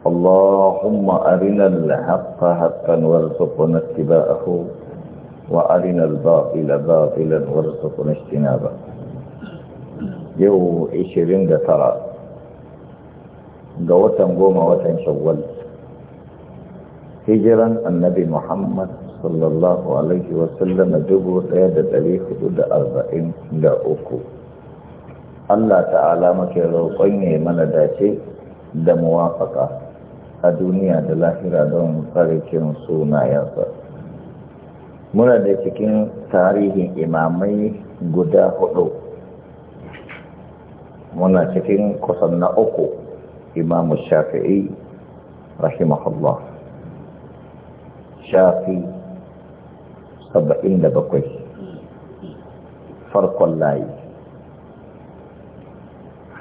Allahumma arinal ari haqqan warzuqna ittiba'ahu wa arinal batila batilan warzuqna ijtinabah. Yau 29 ga watan goma watan Shawwal. Hijran Annabi Muhammad sallallahu alaihi wa sallam dubu 1443 ga uku. Allah ta'ala maka roƙon ya mana dace da muwafaƙa. a duniya da lahira don farkin sunayensa muna da cikin tarihin imamai guda hudu muna cikin kusan na uku imamu shafi'i rahimahullah shafi saba'in da bakwai farkon layi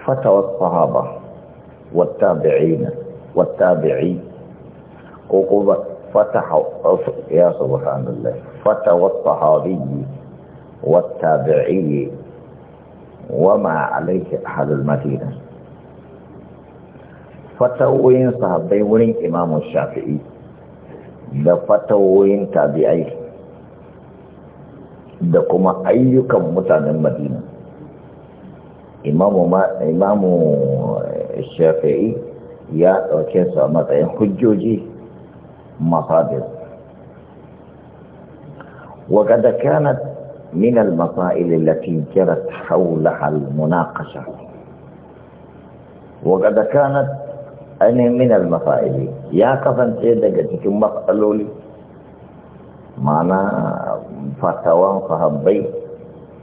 fatawar sahaba wata bi'ina والتابعي وقوبة فتح يا سبحان الله فتح والصحابي والتابعي وما عليه أحد المدينة فتوين صحابي وين إمام الشافعي da fatawoyin tabi'ai da kuma ayyukan mutanen madina imamu shafi'i ya ɗauke su a matsayin hujjoji masadir وقد كانت من المسائل التي جرت حولها المناقشة وقد كانت أنا من المسائل يا كفن سيدك تكون مسألولي معنى فتوى صحابي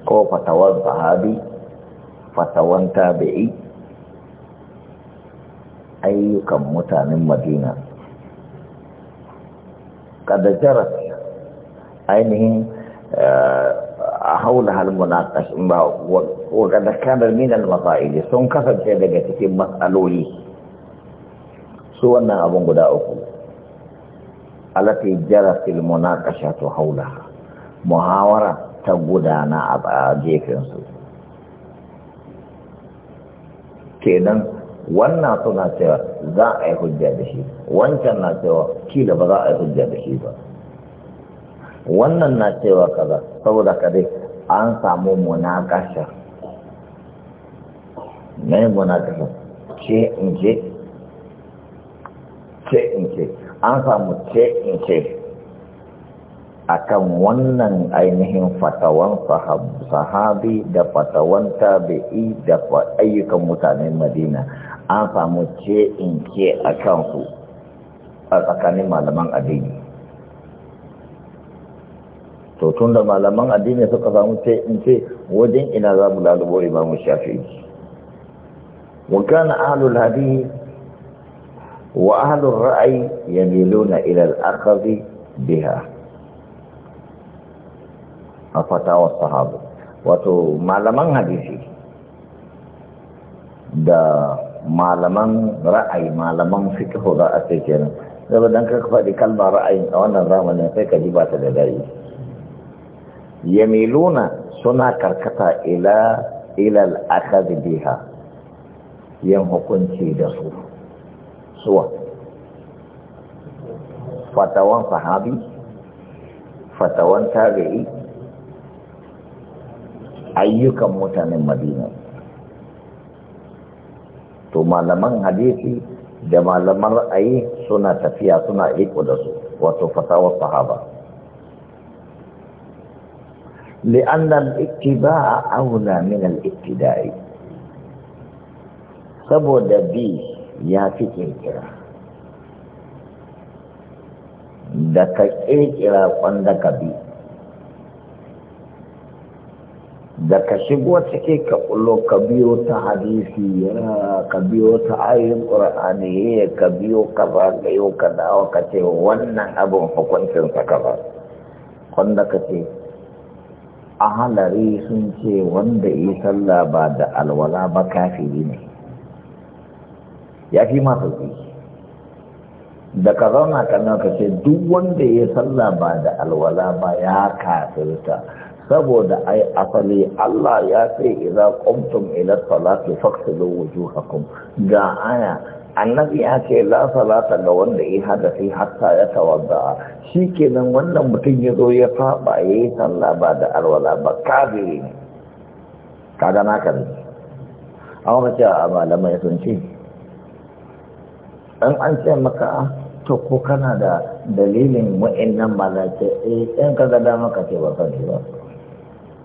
كو فتوى صحابي فتوى تابعي ayyukan mutanen madina kada Jara, ainihin eh, a haula halmuna ƙashin ba wadda kanar minan mafa'ili sun kasance daga cikin matsaloli su wannan abin guda uku alati jaratil munaqashatu haula muhawara ta gudana a su kenan wannan suna cewa za a yi hujja da shi wancan na cewa kila ba za a yi hujja da shi ba wannan na cewa kaza saboda kadai an samu munakasha na yi munakasha ce in ce ce in ce an samu ce in ce akan wannan ainihin fatawan sahabi da fatawan tabi'i da ayyukan mutanen madina an samu ce in ce a kansu a tsakanin malaman addini to tun da malaman addini suka samu ce in ce wajen ina za mu lalubo imamu shafi wakana ahlul hadi wa ahlul ra'ayi yamiluna ila al-akhadhi biha a fatawar sahabu wato malaman hadisi da malaman ra'ayi malaman fikihu za a ce kenan zaba dan ka faɗi kalmar ra'ayin a wannan zamanin sai ka ji ba ta da dai yamiluna suna karkata ila ila akhadh biha yan hukunci da su suwa fatawan sahabi fatawan tabi'i ayyukan mutanen madina to malaman hadisi da malaman ra'ayi suna tafiya suna iko da su wato fatawar sahaba li'annan ittiba'a aula min al-ibtida'i saboda bi ya fi kirkira da ka kirkira kwanda ka bi da ka shigo take ka kullo ka biyo ta hadisi ka biyo ta ayin ƙura'ani ya ka biyo ka ba ka yau ka dawo ka ce wannan abin hukuncin sa ka ba wanda ka ce ahalari sun ce wanda yi sallah ba da alwala ba kafiri ne ya fi masu da ka zauna ka ce duk wanda yi sallah ba da alwala ba ya kafirta saboda ai asali Allah ya ce idza qumtum ila salati faghsilu wujuhakum ga aya annabi ya ce la salata ga wanda ya hadasi hatta ya tawadda shi kenan wannan mutum ya zo ya faɓa ya yi sallah ba da alwala ba kafiri ne kaga naka ne amma mace a malamai sun ce in an ce maka to ko kana da dalilin wa'annan malaka eh ɗan kaga dama ka ce ba sani ba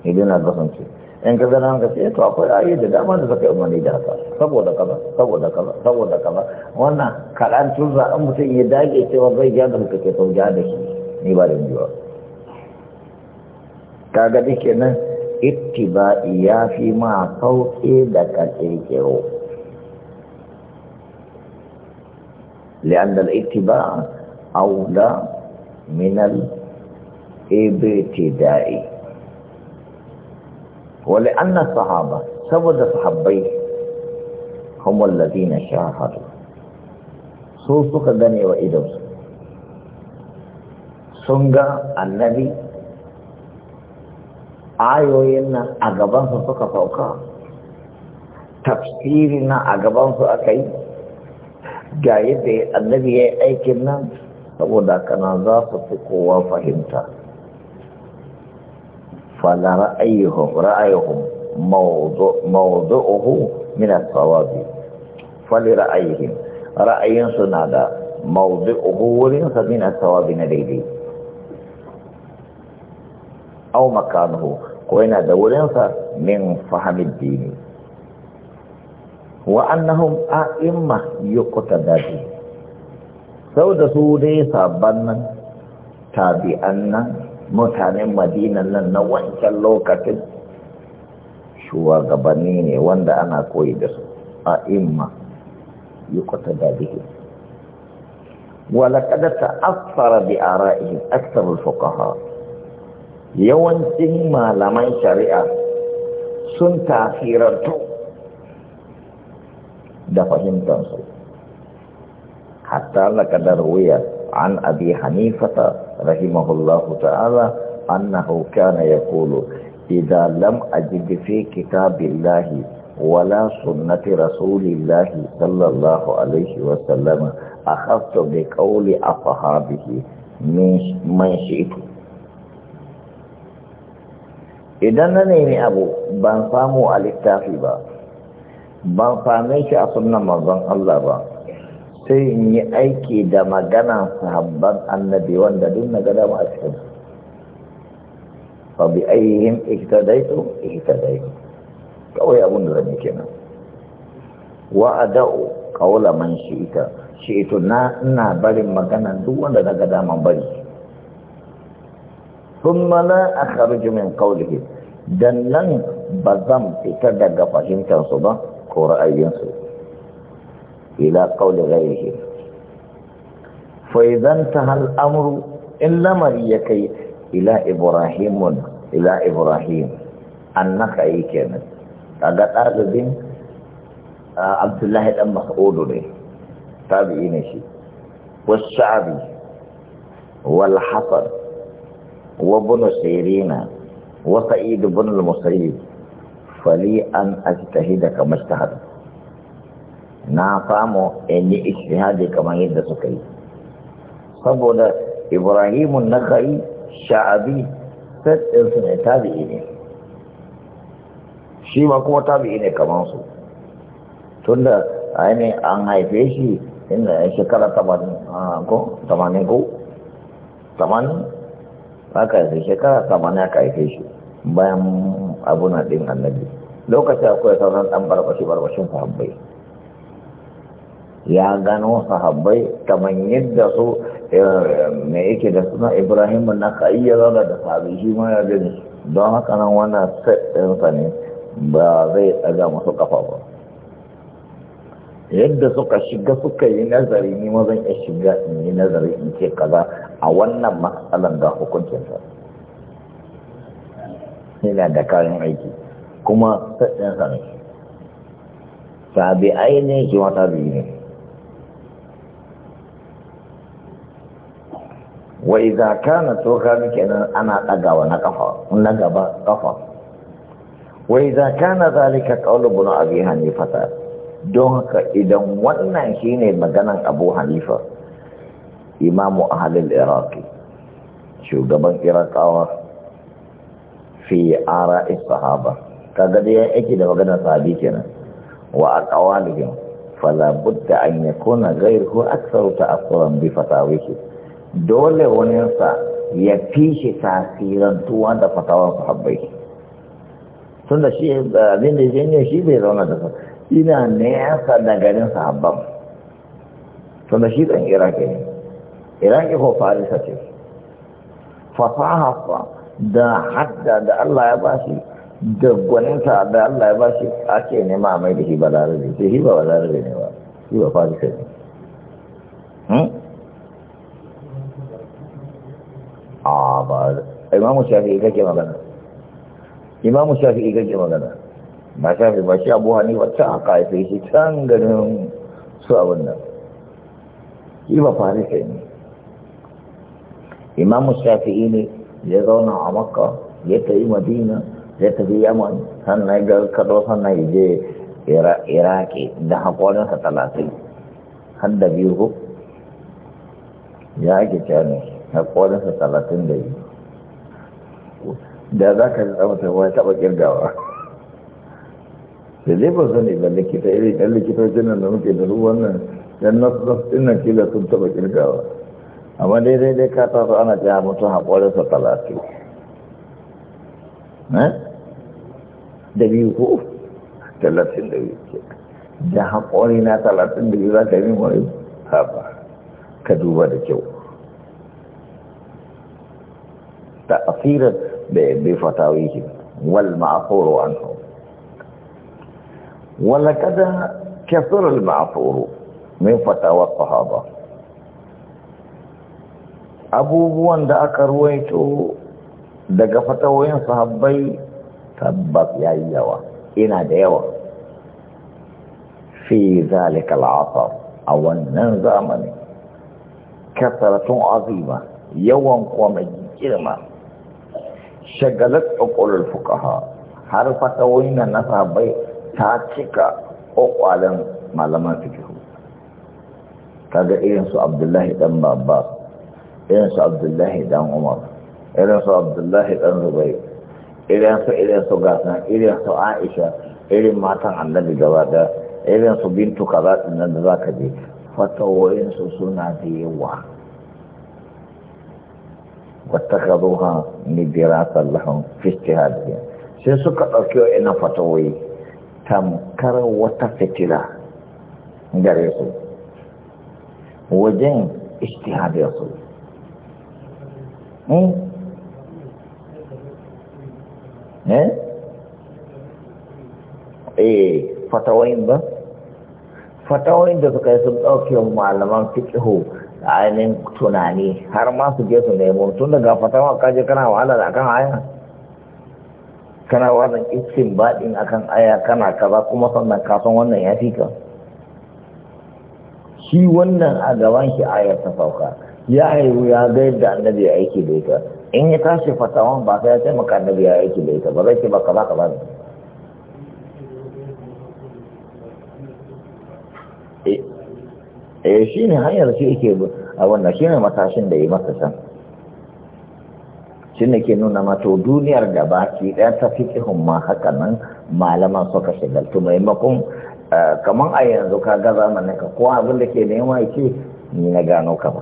ni dai na kasance in ka zana ka ce to akwai ayi da dama da suka yi umarni da haka saboda kaza saboda kaza saboda eh, kaza wannan kaɗan tun za an ah, mutum ya dage cewa zai gyara da kake sau gyara da shi ni ba da biyuwa ka ga duk nan ittiba'i ya fi ma sauƙi da ka kirkiro ittiba الاتباع أولى من الابتداء wale annas sahaba saboda sahabbai هم na شاهدوا su suka gane wa idonsu sun ga annabi ayoyin nan a gabansu suka sauka tafsiri na a gabansu aka yi ga yadda annabi ya yi aikin nan saboda kana za su fi kowa fahimta Fa na ra'ayi maude oho nina tawabi fali ra'ayi ne ra'ayin su na da maude oho wurin sa nina tawabi na daidai au makarantu da wurin sa min fahim dini wa'annan a'ima yau kwata sau da su dai ne tabi'an nan mutanen madinan nan na wancan lokacin shugabanni ne wanda ana koyi da su a imma yi kwata da bihi walakada ta asfara bi a ra'ayi aksarul fukaha yawancin malaman shari'a sun tafirantu da fahimtansu hatta na kadar wuyar عن أبي حنيفة رحمه الله تعالى أنه كان يقول إذا لم أجد في كتاب الله ولا سنة رسول الله صلى الله عليه وسلم أخذت بقول أصحابه من شئت idan na nemi abu ban samu a littafi ba ban same shi a sunan manzon Allah ba sai in yi aiki da magana sahabban annabi wanda duk na gada ma a cikin ba bi daito ikita daito kawai abin da zan kenan wa adau qawla man shi ito na ina barin magana duk wanda na gada ma bari mana a karu min qawlihi dan nan ba zan fita daga fahimtar su ba ko ra'ayinsu ila qawli ghairihi fa idan tahal amru in lamari ya kai ila ibrahimun ila ibrahim annaka yi kenan kaga ɗalibin abdullahi dan mas'udu ne والشعبي والحسن وابن سيرين وسعيد بن المسيب فلي أن أجتهد كما اجتهدت na samu in yi ishtihadi kamar yadda suka yi saboda ibrahimun na kai sha'abi sassinsu ne tabi'i ne shi ma kuma tabi'i ne kamar su tunda ainihin an haife shi inda shekara tamanin ko tamanin ka haife shekara tamanin aka haife shi bayan na ɗin annabi lokacin akwai sauran ɗan barbashi barbashin fahimbai ya gano sahabbai manyan yadda su eh, mai yake da suna ibrahim na ya zauna da sabi shi ma ya gani don haka nan wannan ɗinsa ne ba zai tsaga masu kafa ba yadda suka shiga suka yi nazari ni ma zan iya shiga in yi nazari in ce kaza a wannan matsalan ga hukuncin sa. yana da kayan aiki kuma ɗinsa ne sabi ainihin shi wata biyu ne wa idza kana kenan ana dagawa na kafa na gaba kafa wa idza kana zalika qawl ibn abi hanifa don haka idan wannan shine maganan abu hanifa imamu ahlul iraqi shugaban iraqawa fi ara'i sahaba kaga da yake da maganar sahabi kenan wa aqwalihim fala budda an yakuna ghayruhu aktharu ta'assuran bi fatawihi dole waninsa ya fi shi tasirantuwa da fatawar sahabbai tun da shi abin da jini shi bai zauna da su ina nesa da garin sahabban tun da shi ɗan iraki ne iraki ko farisa ce fasaha da hadda da allah ya bashi da gwaninta da allah ya bashi ake nema mai da hiba larabe sai shi ba larabe ne ba shi ba farisa ne hmm? a ah, ba imamu shafi'i kake magana imamu shafi'i kake magana ba shafi ba shi abu hani wacce a kaifai shi can ganin su abin nan shi ba fari kai ne imamu shafi'i ne ya zauna a makka ya tafi madina ya tafi yaman sannan ga kado sannan ya je iraki da haƙorinsa talatin har da biyu ya ake cewa haƙorinsa talatin da yi da za ka ji tsamata wani taɓa ƙirgawa da zai ba zane ba likita irin ɗan likitocin nan da muke da ruwan nan ɗan nasu nasu nan kila sun taɓa ƙirgawa amma dai dai dai ka taso ana jiya mutum haƙorinsa talatin eh? da biyu ko talatin da biyu ke da haƙori na talatin da biyu za ka yi min wani haɓa ka duba da kyau تاثير بفتاويهم والمعفور عنهم ولكذا كثر المعفور من فتاوى الصحابة أبو بوان دعك رويته دعك فتاوين صحابي ثبت يا إيوة إنا ديوة في ذلك العصر أو أن كثرة عظيمة يوم قوم الجرمان shagalat ƙwaƙwalwar fukaha har fata wani na bai ta cika ƙwaƙwalen malaman fikihu kaga irinsu abdullahi ɗan babba irinsu abdullahi ɗan umar irinsu abdullahi ɗan zubai irinsu irinsu gasan irinsu aisha irin matan annabi gaba da irinsu bintu kaza nan da za ka je su suna da yawa واتخذوها لدراسة لهم في اجتهادهم سيسوك أركيو إنا فتوي تمكر وتفتلا جريسو وجين اجتهاد يصول ايه ايه ايه فتوين با فتوين دو suka yi معلمان فتحو ainihin tunani har ma su je su nemo tun daga fatawa kaje kana wahala da akan aya kana wannan iskin baɗin akan aya kana kaza kuma sannan kafin wannan ya fi ka shi wannan a gaban shi ayar ta sauka ya haihu ya ga yadda annabi ya aiki da ita in ya tashi fatawan ba sai ya taimaka annabi ya aiki da ita ba zai ce ba kaza kaza ne eh shi ne hanyar shi yake a wannan shi ne matashin da ya masa san shi ne ke nuna mato duniyar da baki ɗaya ta fi ƙihun ma haka nan malaman suka shigaltu maimakon eh, kamar a yanzu ka ga zamanin ka ko abin da ke nema ce ni na gano ka ba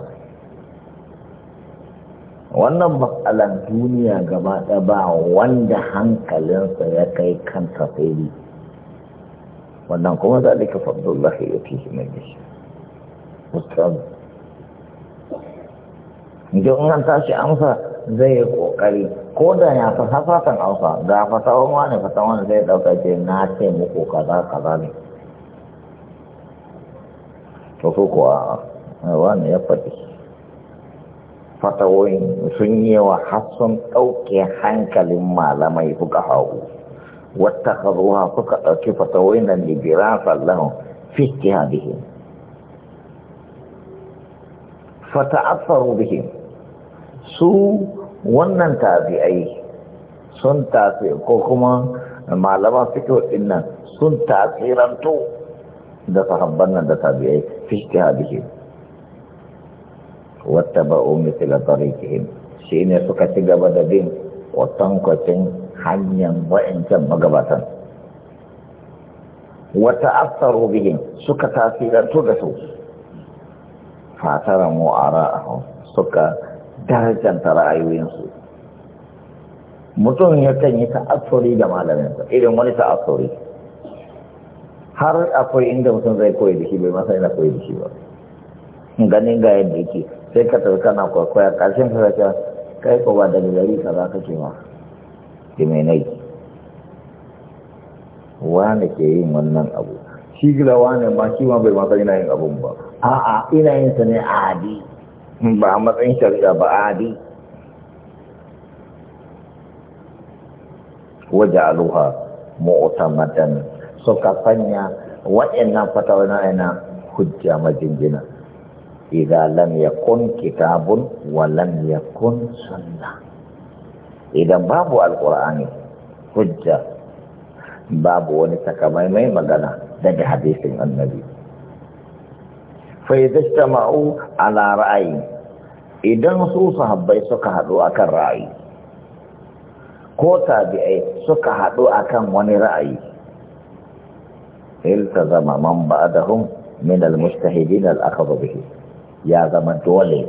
wannan matsalan duniya gaba ɗaya ba wanda hankalinsa ya kai kan tafiri wannan kuma ya fi shi mai yasha ustadu idan an tashi amsa zai yi ƙoƙari ko da ya fi hafatan amsa ga fatawan wani fatawan zai ɗauka ce na ce muku kaza kaza ne to so kuwa wani ya faɗi fatawoyin sun yi wa hassun ɗauke hankalin malamai fuka hagu wata karuwa suka ɗauki fatawoyin da libira sallahun fi hadihin fata'assaru bihim su wannan tabi'ai sun tafi ko kuma malaman fiqh din sun tasirantu da sahabban nan da tabi'ai fi ijtihadihim wattaba'u mithla tariqihim shine suka ci gaba da bin kwatankwacin hanyar wa'ancan magabatan wata asaru bihin suka tasirantu da su fatara mu'ara suka darajanta ra'ayoyinsu mutum ya kan yi ta'asori da malaminsa irin wani ta'asori har akwai inda mutum zai koyi da shi bai masa yana koyi da shi ba ganin ga yadda yake sai ka tafi kana kwaikwaya ƙarshen ka zaka kai ko ba daga gari ka za ka ke ma ki mai nai wani ke yin wannan abu shi gilawa ne ba shi ma bai masa ina yin abun ba a'a ina yin sa ne adi hmm, ba a matsayin shari'a ba adi waje aluha mu'tamadan suka sanya waɗannan fatawa na ina hujja majingina idan lam yakun kitabun wa lam yakun sunna idan babu alqur'ani hujja babu wani takamaimai magana daga hadisin annabi fa idza ala ra'ayi idan su sahabbai suka haɗu akan ra'ayi ko tabi'ai suka haɗu akan wani ra'ayi zama man ba'dahum min al mustahidin al-akhadhu ya zama dole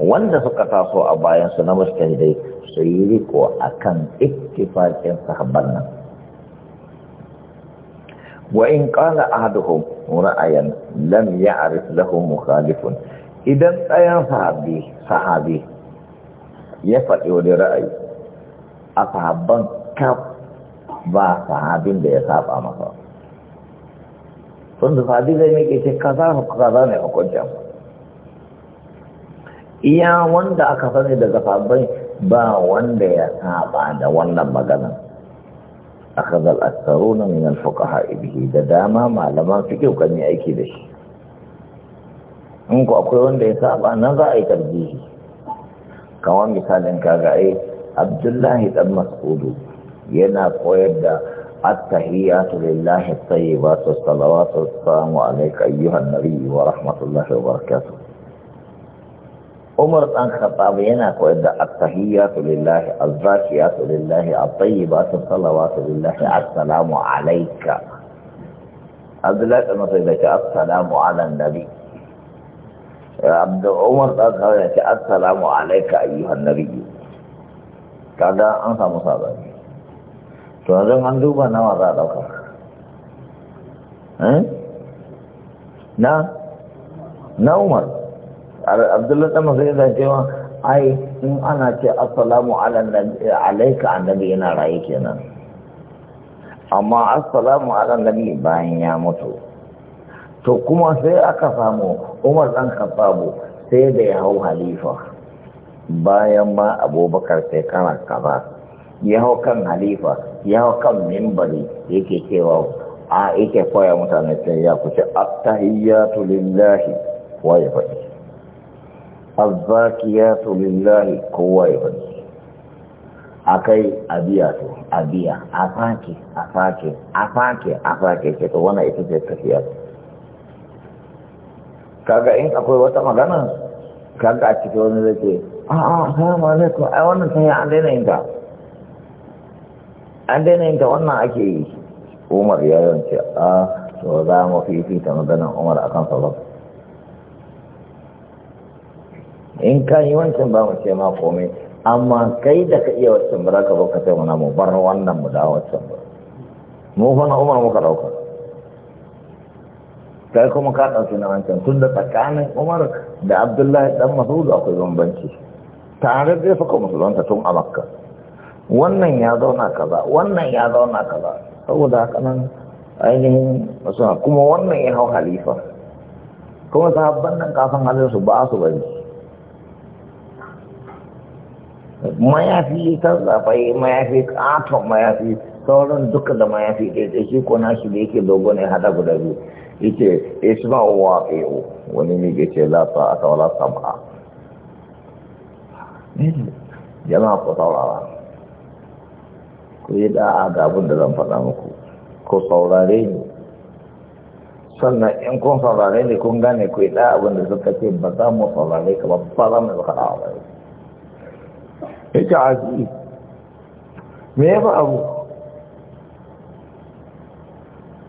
wanda suka taso a bayan su na mustahidai su yi riko akan ittifaqin sahabban nan Wa in ƙala ahaduhum ra’ayan lam ya lahum mukhalifun idan tsayan sahabi sahabi ya faɗi wani ra’ayi a sahabban kaf ba sahabin da ya saba masa sun da sahabi zai mai ƙeshe kaza kaza ne hukunci iya wanda aka sani daga sahabban ba wanda ya saba da wannan maganin akhadha al na min al-fuqaha bihi da dama malaman fiqh kan aiki da shi in ku akwai wanda ya saba nan za a yi tarjihi kamar misalin kaga ai abdullahi dan mas'udu yana koyar da at-tahiyatu lillahi at-tayyibatu as-salawatu as-salamu alayka ayyuhan nabiyyu wa rahmatullahi wa barakatuh Umar ɗan Khattab yana koyar da at-tahiyatu lillahi az-zakiyatu lillahi at-tayyibatu salawatu lillahi assalamu alayka Abdullahi ɗan Masai da ke assalamu ala nabi Abdu Umar ɗan Khattab ya ce assalamu alayka ayyuhan nabi kaga an samu sabani to yanzu an duba nawa za a ɗauka eh? na na Umar abdullahi ɗan masu yadda cewa ai in ana ce assalamu alaika annabi yana raye kenan amma assalamu ala bayan ya mutu to kuma sai aka samu umar ɗan kasabu sai da ya hau halifa bayan ma abubakar sai kana kaza ya hau kan halifa ya hau kan mimbari yake cewa a yake koya mutane sai ya kuce attahiyatu lillahi wa ya faɗi الزاكيات لله kowa يبني akai abiyatu abiya to a biya a fake a ce to wannan ita ce tafiya kaga in akwai wata magana kaga a cikin wani zai ce a a salamu alaikum ai wannan ta yi an daina yin ta an daina yin ta wannan ake yi umar ya yance a to za mu fifita maganar umar akan sabon in ka yi wancan ba mu ce ma komai amma kai da ka iya wancan ba za ka zo ka ce mana mu bar wannan mu da wancan ba mu fana umar muka dauka kai kuma ka dauki na wancan tun da tsakanin umar da abdullahi dan masud akwai bambanci tare da suka musulunta tun a makka wannan ya zauna kaza wannan ya zauna kaza saboda haka nan ainihin kuma wannan ya hau halifa kuma sahabban nan kafin halin su ba su bari mayafi kan zafai mayafi katon mayafi sauran duka da mayafi ɗaya da shi ko nashi da yake dogo ne hada guda biyu yake isma wa qayu wani ne ke ce la ta aka wala sam'a jama'a ku saurara ku yi da'a ga abin da zan faɗa muku ku saurare ni sannan in kun saurare ne, kun gane ku yi da'a abin da suka ce ba za mu saurare ka ba za mu yi faɗa ba yake azi'i me ya fi abu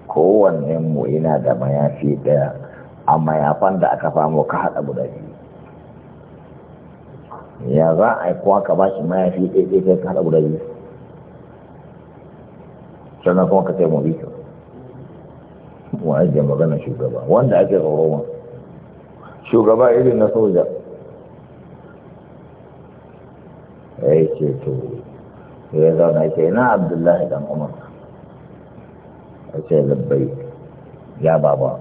kowanne mu yana da mayafi daya a ya fanda aka famo ka haɗa guda biyu ya za a yi kuwa ka ba shi mayafi ɗaiɗai sai ka haɗa guda biyu sannan kuma ka sai mu biyu mu ajiye magana shugaba wanda ake tsoron shugaba irin na soja ya ce to ya zauna ya ce ina abdullahi dan umar ya ce labbai ya baba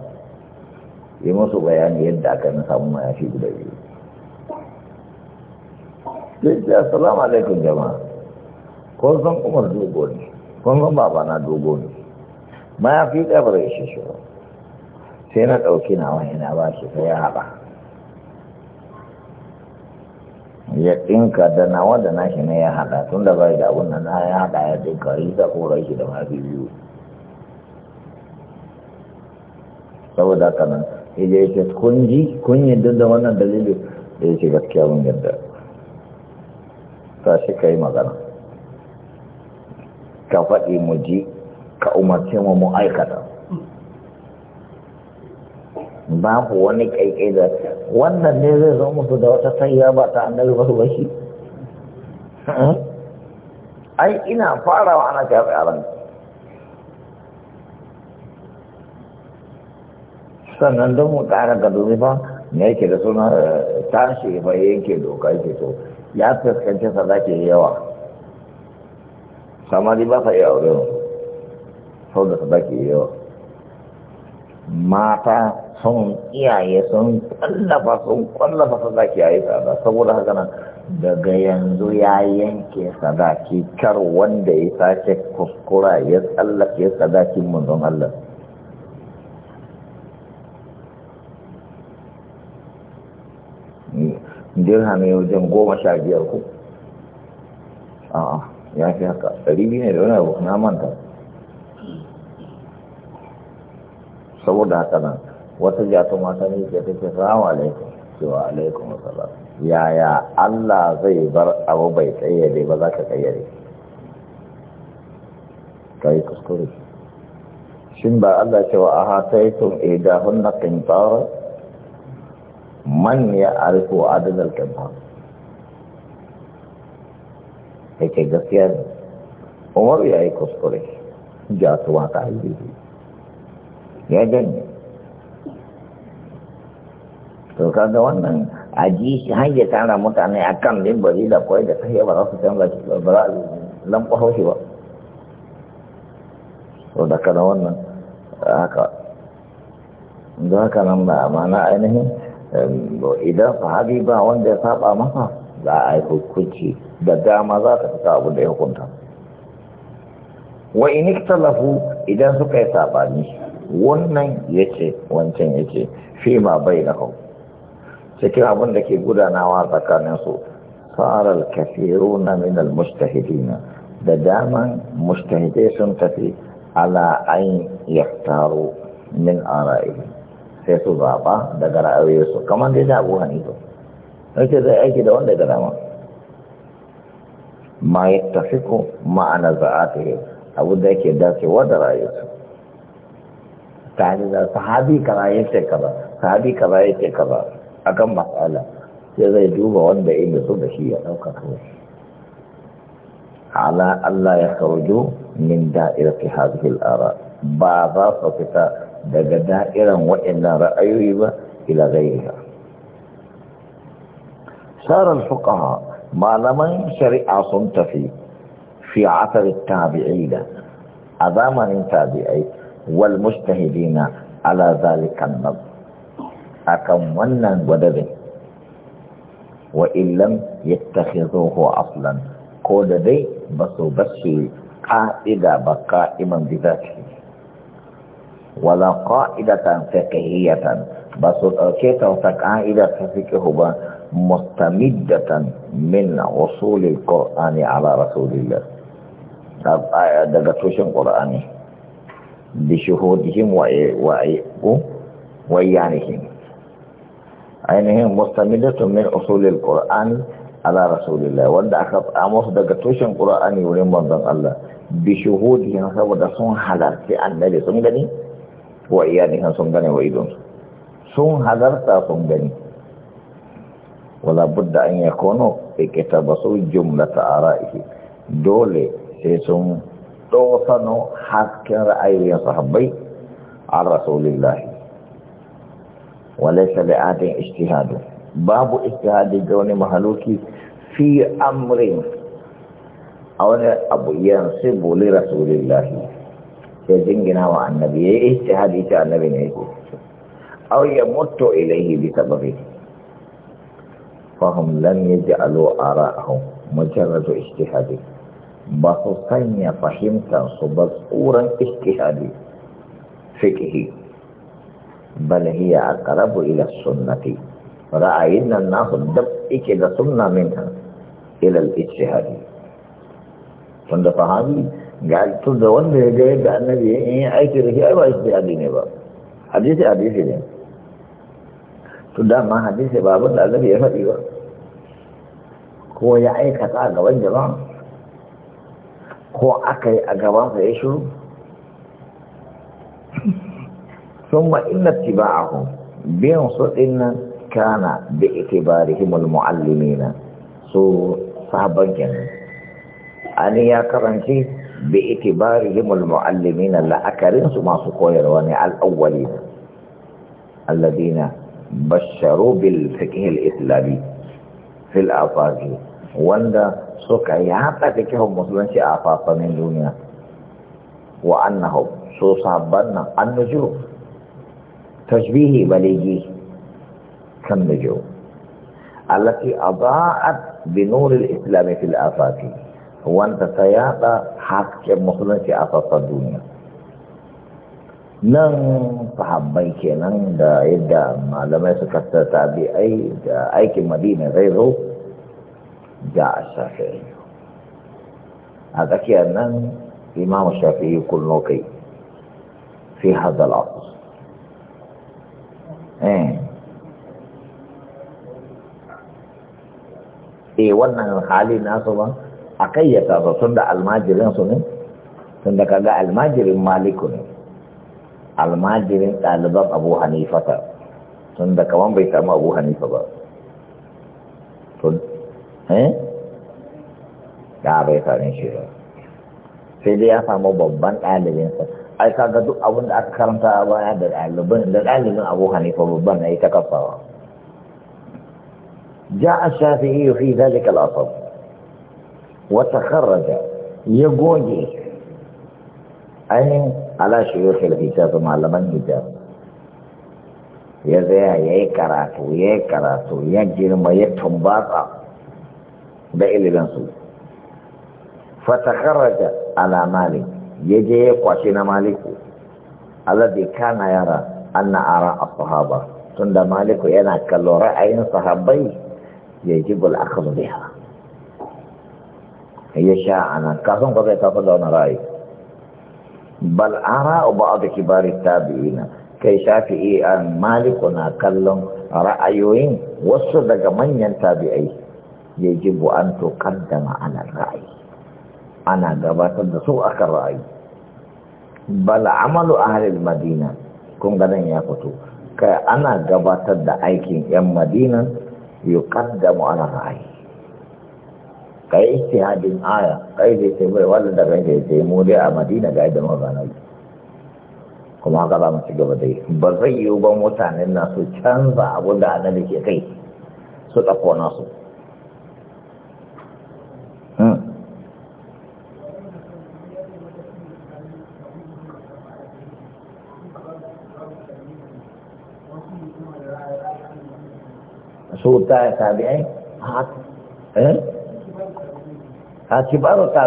yi musu bayani yadda aka yi samu mayafi guda biyu sai ce assalamu alaikum jama'a ko san umar dogo ne ko san baba na dogo ne ma ɗaya fi zai shi shi sai na ɗauki na wani na ba shi sai ya haɓa ya tsinka da nawa da nashi ne ya hada tun da bai da abun nan ya hada ya tsinka yi da korai shi da mafi biyu saboda haka nan ije ya ce kun ji kun yadda da wannan dalilin da ya gaskiya mun yadda ta shi ka yi magana ka faɗi mu ji ka umarce mu mu aikata babu wani kaikai da wannan ne zai zo musu da wata sayya ba ta annabi ba ba shi eh? ai ina farawa ana kafa yaran sannan don mu tsara ga domin ba me yake da suna eh, tashi ba yake doka yake to ya fuskanci sa za ke yawa samari ba sa iya aure sau da sa za ke yawa mata sun iyaye sun kwallafa sun kwallafa sadaki a yi tsada saboda haka nan daga yanzu ya yanke sadaki kar wanda ya sace kuskura ya tsallake sadakin don Allah dirham ya wajen goma sha biyar ku a'a ya fi haka ɗari biyu ne da wani abu na manta saboda haka nan wata jata mata ne ke take salamu alaikum cewa alaikum salam yaya Allah zai bar abu bai tsayyade ba za ka tsayyade yi kuskure shin ba Allah cewa a hataitun ida hunna kintar man ya arifu adadar kintar yake gaskiya ne umar ya yi kuskure jatuwa ta yi ya gani to kaga wannan aji shi har ya tara mutane a kan limbari da kwai da kai ba za su canza shi ba za lankwa haushi ba to da kada wannan haka da haka nan ba mana ainihin idan sahabi ba wanda ya saba masa za a yi hukunci da dama za ka fita abu da ya hukunta wa in ikhtalafu idan suka yi sabani wannan yake wancan yake fi ma bai na hau cikin abin da ke gudanawa tsakaninsu faral kafiru na minal mustahidina da daman mustahidai sun tafi ala an yaktaro min ara'i sai su zaɓa daga ra'ayoyinsu kamar dai da abu hanifa nake zai aiki da wanda ga dama ma yattafiku ma'ana za'atihi abu da yake dacewa da ra'ayoyinsu tare da sahabi kaza ya kaza sahabi kaza kaza akan matsala sai zai duba wanda ya nutsu da shi ya dauka kawai ala Allah ya saujo min da'irar fi hazihil ara ba za su fita daga da'iran waɗannan ra'ayoyi ba ila gairiya sarar fuqaha malaman shari'a sun tafi fi asar tabi'ina a zamanin tabi'ai والمجتهدين على ذلك النظر أكم ونن ودبه وإن لم يتخذوه أصلا قول دي بسو بس قائدة بقائما بذاته ولا قائدة فقهية بسو أوكيتا فقائدة فقه مستمدة من وصول القرآن على رسول الله هذا tushen ƙura'ani بشهودهم وإيانهم ainihin mustamidatun min usulil qur'an ala rasulillah wanda aka amos daga tushen qur'ani wurin manzon Allah bi shuhudihin saboda sun halarci annabi sun gani wa iyanihin sun gani wa idon sun halarta sun gani wala budda an yakunu ikitabasu jumlata ara'ihi dole sai sun دوسنو حكر اي صحبي عن رسول الله وليس لعاد اجتهاد باب اجتهاد جون محلوكي في امر او ابو ينسب لرسول الله سيجن جناوة النبي اجتهاد ايجا النبي نيكو او يمت اليه بسببه فهم لم يجعلوا اراءهم مجرد اجتهاد ba su sanya su ba tsoron istihadi fikihi bal a aqrabu ila sunnati ra'ayin nan na dab ike da sunna minha ila al-ijtihadi wanda fahimi ga tun da wanda ya ga yadda annabi ya yi aiki da shi ai ba ijtihadi ne ba hadisi hadisi ne to ma hadisi ba abin da annabi ya faɗi ba ko ya aikata ga wanda ba ko aka yi a gabansa ya shiru sun ma'ina tiba'ahu biyan su ɗinnan kana da itibarihimul mu'allimina su sabon kenan an ya karanci bi itibarihimul mu'allimina la'akarin su masu koyarwa ne al'awwali alladina basharu bil islami fil afaqi wanda suka yaɗa fikihun musulunci a fafanin duniya wa annahum su sabban nan an nujo tashbihi baligi kan nujo allati adaa'at bi nuril islam fil afaqi wanda ta yaɗa hasken musulunci a fafanin duniya nan sahabbai kenan da yadda malamai suka tattabi ai da aikin madina zai zo جاء الشافعي هذا كأن إمام الشافعي كل نوكي في هذا eh إيه إيه وانا حالي ناس a kayyata ba tun da almajirinsu ne tun da kaga almajirin maliku ne almajirin ɗaliban abu hanifata tun da kaman bai samu abu hanifa ba eh da bai same shi ba sai dai ya samu babban ɗalibinsa ai kaga duk abin da aka karanta a baya da ɗaliban da ɗalibin abu hanifa babban na yi ta kafawa جاء الشافعي في ذلك الأصل وتخرج يقول أي على شيوخ الحجاز معلم الحجاز يزيع يكراتو يكراتو يجرم يتنباطا da ililansu fatakarraja ala malik ya je ya kwashe na maliku alladhi kana yara anna ara a sahaba tunda maliku yana kallon ra'ayin sahabbai yajibu al-akhdhu biha ya sha ana kafin ko zai kafa da wani ra'ayi bal da ba'd kibar tabi'ina kai shafi'i an maliku na kallon ra'ayoyin wasu daga manyan tabi'ai yajibu an tuqaddama ala ra'ayi ana gabatar da su akan ra'ayi bal amalu ahli madina kun ga nan ya fito kai ana gabatar da aikin yan madina yuqaddamu ala ra'ayi kai istihadin aya kai dai sai bai wannan da ranke sai mu dai a madina ga yadda mu kuma haka za mu ci gaba dai ba zai yiwu ba mutane na su canza abunda da ke kai su ɗauko nasu su ta tabi'ai ha eh ha kibaru ta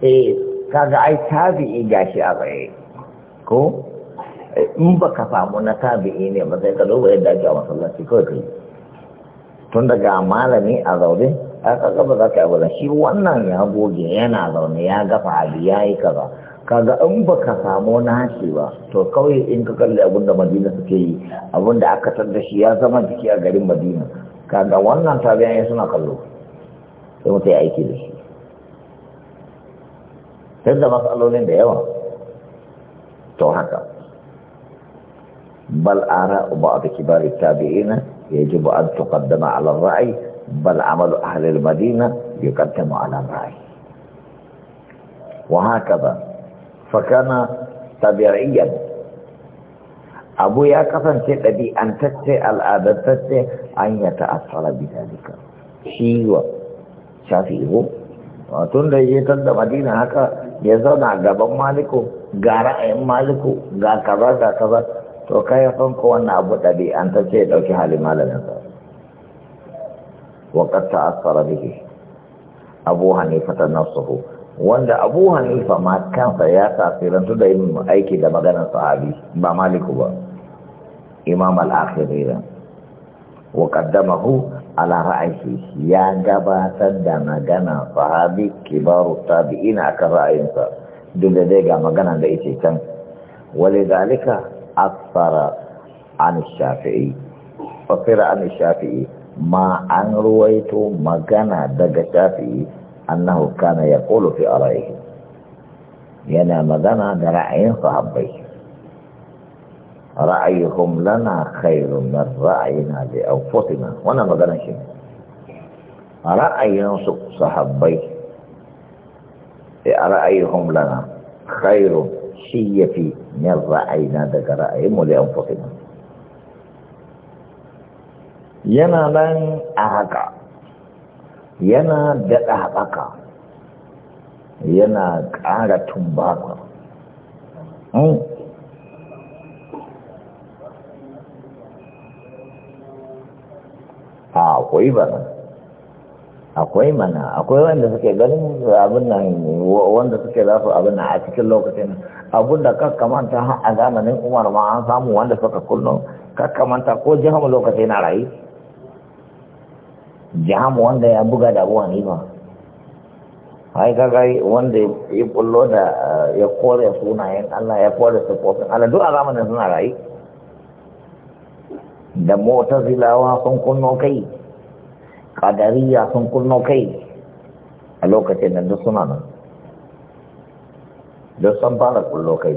eh kaga ai tabi'i gashi a tsaye ko in ba ka samu na tabi'i ne ba sai ka duba yadda ake a masallaci kawai kai tun daga malami a zaune a kaga ba za ka yi shi wannan ya goge yana zaune ya gafa abi ya yi kaza kaga in baka samu naci ba to kawai in ka kalli abin da madina suke yi abin da aka tar shi ya zama jiki a garin madina kaga wannan tabiyan suna kallo sai mutai aiki da shi sai da matsalolin da yawa to haka bal ara da kibar tabi'ina يجب أن تقدم rai, الرأي بل عمل أهل المدينة يقدم على الرأي وهكذا fakana tabi'iyyan abu ya kasance ɗabi'antacce al'adartacce an ya ta'assara bi dalika shi wa tun da ya da madina haka ya zauna gaban maliku ga ra'ayin maliku ga kaza ga kaza to kai san ko wannan abu ɗabi'antacce ya ɗauki halin malaminsa wa qad ta'asara bihi abu hanifa nafsuhu wanda abu hanifa ma kansa ya tasirantu da yin aiki da maganar sahabi ba maliku ba imam al'akhirira wa qaddamahu ala ra'ayi ya gabatar da magana sahabi kibaru tabi'ina akan ra'ayinsa duk da dai ga magana da yake can wale zalika asfara an shafi'i asfara an shafi'i ma an ruwaito magana daga shafi'i annahu kana ya fi araihi yana magana da ra'ayin sahabbai ra'ayuhum lana khairun min ra'ayina wannan shi ra'ayin su sahabbai ra'ayuhum lana khairun shi yafi min ra'ayina daga ra'ayinmu mu li yana nan a haka yana daɗa haɓaka yana ƙara tumbaka hmm? akwai bana akwai mana akwai wanda suke ganin abin nan wanda suke za su abin nan a cikin lokacin abin da kakamanta a zamanin umar ma an samu wanda suka kullum kakamanta ko jihar lokaci na rayu jamu wanda ya buga da abuwa ne ba ai kaga wanda ya kullo da eh, ya kore sunayen Allah ya kore sufofin Allah duk a zamanin suna rayu da zilawa sun kunno kai kadariya sun kunno kai a lokacin da duk suna nan duk sun fara kullo kai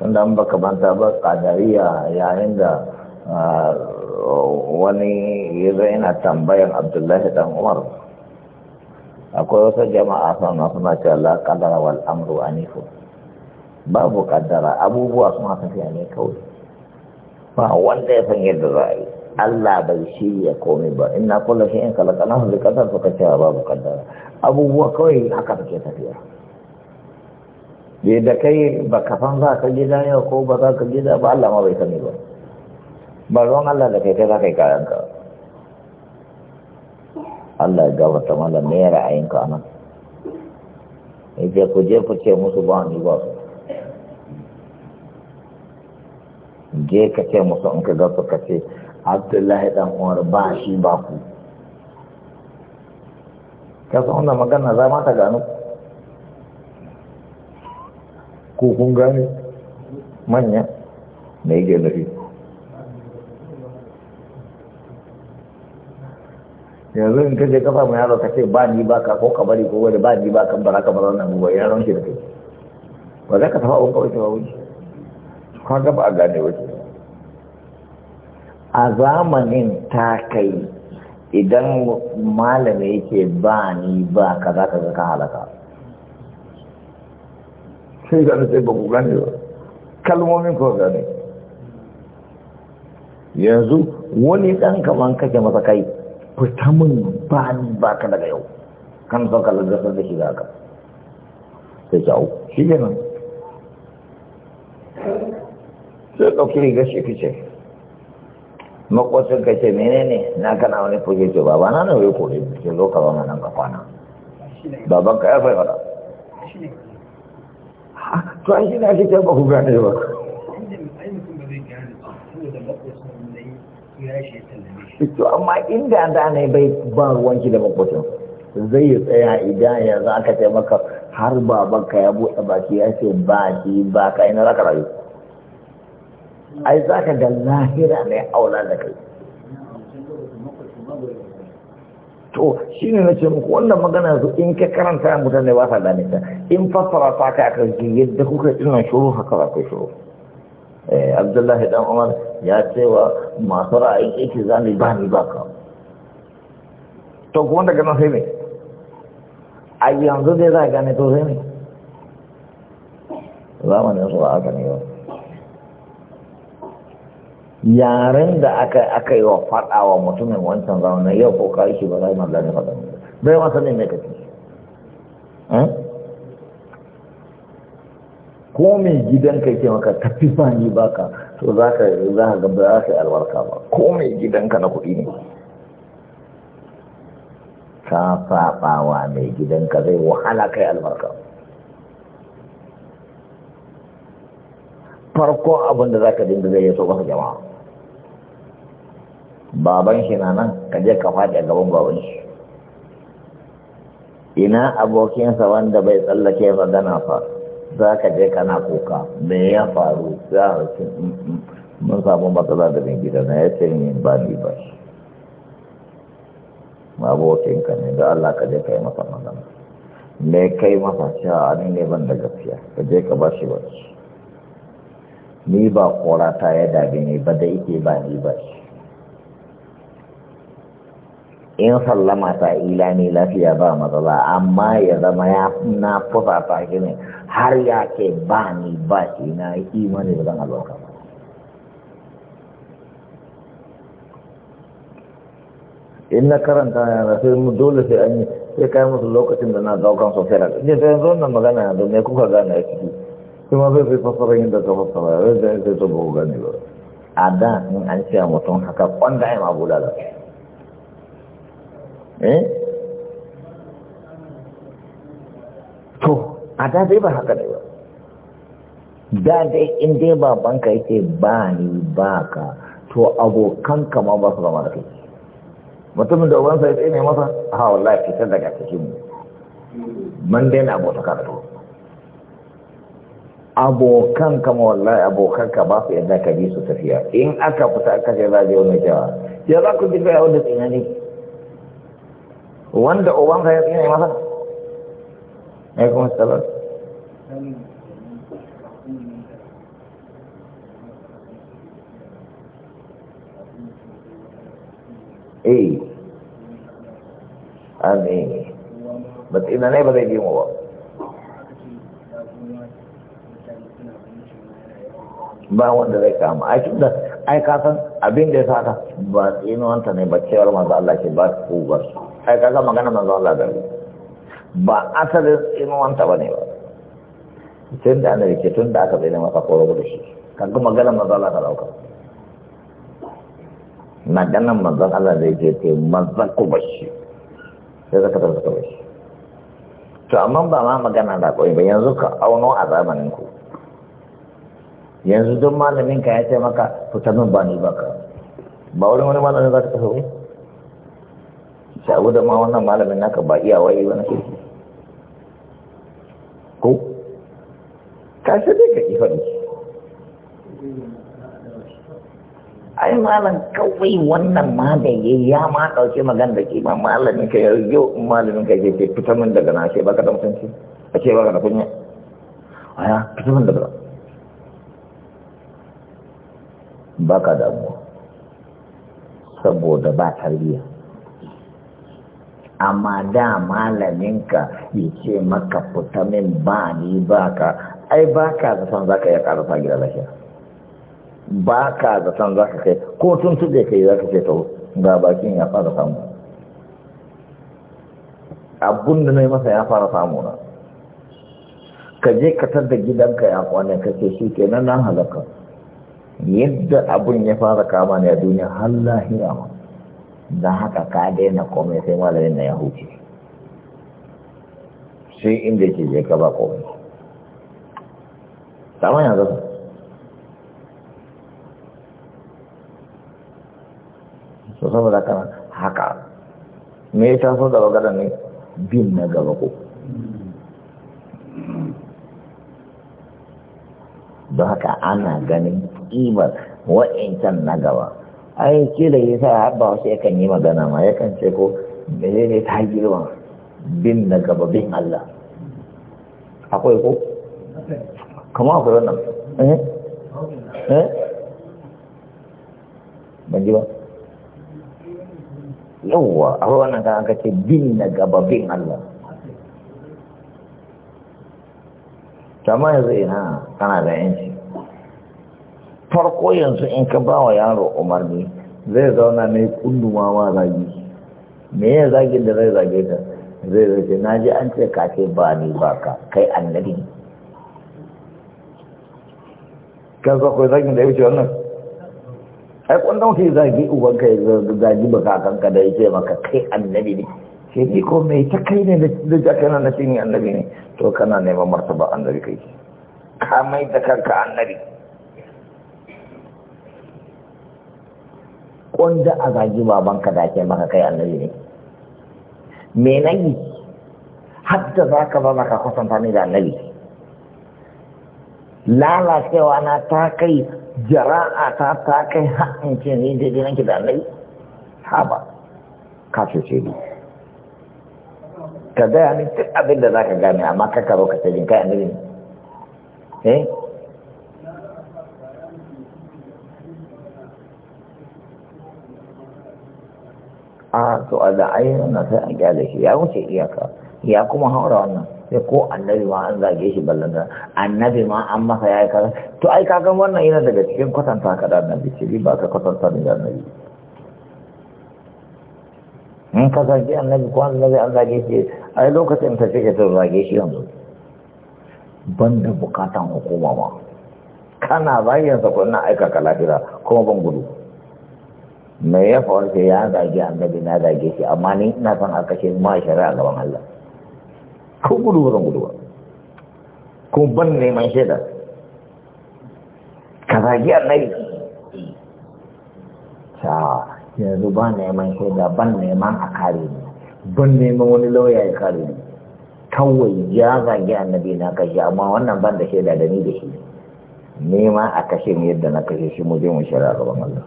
tunda an baka banta ba kadariya yayin da eh, wani yanzu yana tambayan abdullahi dan umar akwai wasu jama'a suna suna ce Allah kaddara wal amru anifu babu kaddara abubuwa suna tafiya ne kawai ba wanda ya san yadda za a yi Allah bai shirya komai ba inna kala shay'in khalaqnahu li ta fa cewa babu kaddara abubuwa kawai haka take tafiya da kai ba kafan za ka gida yau ko ba za ka gida ba Allah ma bai sani ba ba ruwan Allah da kai kai za ka yi kayanka Allah ya gabata mala ne ya ra'ayinka ka nan ya je ku je ku ce musu ba ni ba su je ka ce musu in ka gasu ka ce abdullahi dan umar ba shi ba ku ka san wannan magana za ma ta gano ku kun gane manya mai gelari yanzu in kaje kafa mai yaro ka ce ba ni ba ka ko ka bari ko wani ba ni ba kan baraka ka wannan ba ya ran shi da kai ba za ka tafa on kawai ba wuce ka ga ba a gane wuce a zamanin ta kai idan malami yake ba ni ba ka za ka ga ka halaka sai ga sai ba ku gane ba kalmomin ko gane yanzu wani dan kaman kake masa kai fita min ba ni ba ka daga yau kan son ka gasar da shi da ka sai jawo shi ne nan sai ɗauki rigar shi fice makwasin ka ce menene na kana wani fuge ce ba na nan wai kore ce zo ka zama nan ka kwana baban ka ya fai fada to an shi na shi ce ba ku gane ba to amma inda da ne bai ban ruwanki da makwacin zai yi tsaya idan yanzu aka ce maka har babanka ya buɗe baki ya ce ba shi ba ka ina za ka rayu ai za ka ga lahira ne aula da kai to shi ne na ce muku wannan magana su in ka karanta mutane ba sa in fassara ta ka aka yadda kuka ina shuru haka za ka shuru Eh, abdullahi dan umar ya ce wa masu ra'ayin aiki za ni ba ni ba ka to kuma daga nan sai ne a yanzu dai za a gane to sai ne zamanin su ba aka ne yau yaren da aka aka yi wa faɗa wa mutumin wancan zamanin yau ko kayi shi ba za yi mallani faɗa bai wasa ne mai kake eh? ko mai gidanka ke maka tafi ba ni baka to za ka za ka gaba za ka yi albarka ba ko mai gidanka na kuɗi ne ka faɓawa mai gidanka zai wahala ka yi albarka farko abin za ka dinga zai so masa jama'a baban shi na nan ka je ka faɗi a gaban baban shi ina abokinsa wanda bai tsallake magana fa za ka je kana kuka me ya faru za a rikin mm, mm, mun samu matsala da bin gida na ya ce yin ba ni ba shi ka ne da Allah ka je ka yi masa magana me kai masa cewa a ne ban da gaskiya ka je ka ba shi ba shi ni ba kora ta ya dabe ne ba da yake ba ni ba shi in sallama ta ila ne lafiya ba matsala amma ya zama ya na fusa ta gini. har ya ke ba ni ba shi na yi imani da zan albarka ba in na karanta yana sai mu dole sai an yi sai kai musu lokacin da na daukan sosai da ne sai yanzu wannan magana yanzu ne kuka gane a ciki kuma zai sai fassara yin da ka fassara zai zai sai to ba ba a da in an ce mutum haka kwanda ya ma bulala eh a da dai ba haka da ba da dai in dai babanka yake ba ni ba ka to abokan kama ba su zama da kai mutumin da ubansa ya tsine masa ha wallahi fitar daga cikin mu man na abota karatu abokan kama wallahi abokan ka ba su yadda ka bi su tafiya in aka fita aka ce za je wani jawa ya za ku ji kai wanda tsinani wanda ubansa ya tsine masa alaikum assalam eh amin ba ina ne ba zai bi mu ba ba wanda zai kama a cikin da ai ka san abin da ya saka ba tsinuwanta ne ba cewar manzo Allah ke ba ku ba ai kaga magana manzo Allah da ba asalin inuwanta ba ne ba tun da ana rike tun da aka zai masa koro da shi kan kuma ganin manzon Allah ka dauka gana manzon Allah zai je ce manzon ku bashi sai zaka ta zaka bashi to amma ba ma magana da koyi ba yanzu ka auno a zamanin ku yanzu don malamin ka ya ce maka fita min ba ni baka ba wurin wani malamin za ka tafi ba sabu da ma wannan malamin naka ba iya wayi wani kirki ka sai dai ka ƙi faɗi ai malam kawai wannan ma da ya ya ma ɗauke magana da ke ma malamin ka yau malamin ka ke fita min daga na ce baka da mutunci a ce baka da kunya aya fita min daga baka da mu saboda ba tarbiyya amma da malamin ka ya ce maka fita min ba ni ba ka ai ba ka zaton za ka iya ƙarasa gida lafiya ba ka zaton za ka kai ko tun tuɗe ka yi za ka ce to ga bakin ya fara samu abun da na yi masa ya fara samu na ka je ka tar da gidanka ya kwane ka ce shi ke nan halaka yadda abun ya fara kama ne a duniya har lahira ma da haka ka daina komai sai malamin na ya huce sai inda ke je ka ba komai sama yanzu su saboda kana haka me ya taso da bagada ne bin na gaba ko don haka ana ganin ƙimar wa'incan na gaba ai kila yi sa Abba wasu yakan yi magana ma yakan ce ko mene ne ta girma bin na gaba bin Allah akwai ko kamar akwai wannan eh eh ban ji ba yawwa akwai wannan kan an kace bin na gaba bin Allah kama yanzu ina kana da yanci farko yanzu in ka ba wa yaro umarni zai zauna mai kunduma ma zagi me ya zagin da zai zage ka zai zai na ji an ce ka ce ba ni ba ka kai annabi kan zo akwai da yake wannan ai kwanda mutum zagi ubanka ya zagi ba kakanka da yake ce maka kai annabi ne ke ni ko mai ta kai ne da jaka na cin annabi ne to kana neman martaba annabi kai ka mai da kanka annabi kwanda a zagi ka da ke maka kai annabi ne me nayi hadda za ka ba maka kwatanta ni da annabi lalacewa na ta kai jara'a ta ta kai haɗin ce ne da jinan ki da kasu ce ne ka gaya ne duk abin da za ka gane amma ka karo ka tajin kayan nirin eh a ah, to a da ayyana sai an gyale shi ya wuce iyaka ya kuma haura wannan sai ko annabi ma an zage shi ballanta annabi ma an masa ya yi kaza to ai kaga wannan yana daga cikin kwatanta ka da annabi ce ba ka kwatanta da annabi in ka zage annabi ko annabi an zage shi ai lokacin ta ce ta zage shi yanzu banda bukatan hukuma ma kana bayan sa kunna aika ka lafiya kuma ban gudu me ya faru ya zage annabi na zage shi amma ni ina son a kashe ma shari'a gaban Allah ko gudu ba gudu ba ko ban neman shaida ka zagi annabi ta yanzu ba neman shaida ban neman a kare ne ban neman wani lauya ya kare ne kawai ya zagi annabi na kashe amma wannan ban da shaida da ni da shi nema a kashe mu yadda na kashe shi mu je mu shara gaban Allah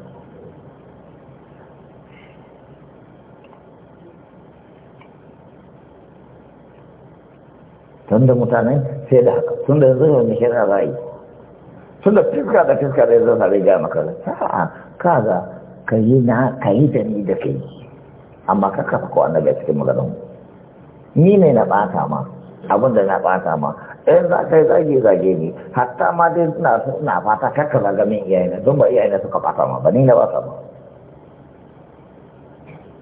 tun da mutane sai da haka tun da zuwa da shirya ra'ayi tun da fiska da fiska da zai sare ga maka sa'a kaga ka yi na ka yi da ni da kai amma ka kafa ko annabi cikin maganar ni ne na bata ma abin da na bata ma ɗayan za ka yi zage zage ni hatta ma dai suna suna fata kakka zaga min iyayena don ba iyayena suka bata ma ba ni na bata ma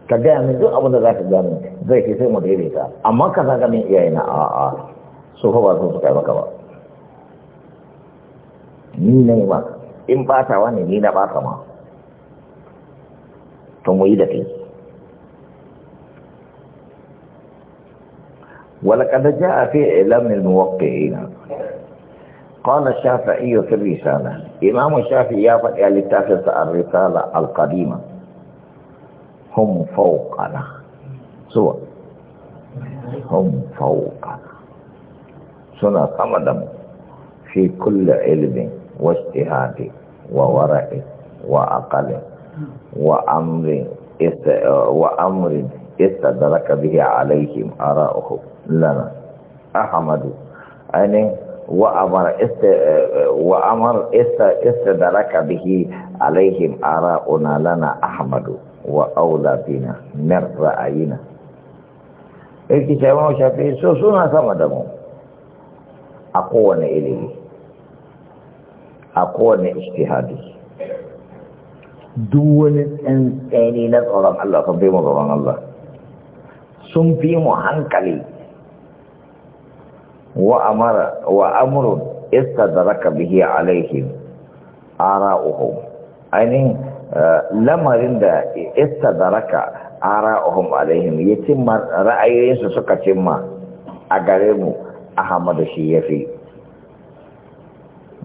ka gaya min duk abin da za ka gaya min zai ke sai mu daidaita amma ka zaga min iyayena a'a su suka ni ma ni ولقد جاء في إعلام الموقعين قال الشافعي في الرسالة إمام الشافعي يافق لتاسس الرسالة القديمة هم فوقنا سوى هم فوقنا suna sama da mu fi kulle ilmin wajtihadi wa wara'i wa aqali wa amrin wa amrin istadraka bihi alaihim ara'uhu lana ahmadu ainin wa amara wa amar istadraka bihi alaihim ara'una lana ahmadu wa aula bina min ra'ayina yake cewa shafi so suna sama da mu a kowane ilimi a kowane ishtihadi duk wani tsantsani na tsoron Allah sun fi mu tsoron Allah sun fi mu hankali wa amurin wa da raka bihi alaihim ara'uhum ainihin eh, lamarin da da raka istadraka ara'uhum alaihim yatimma ra'ayoyinsu suka cimma a gare mu ahmadu shi ya fi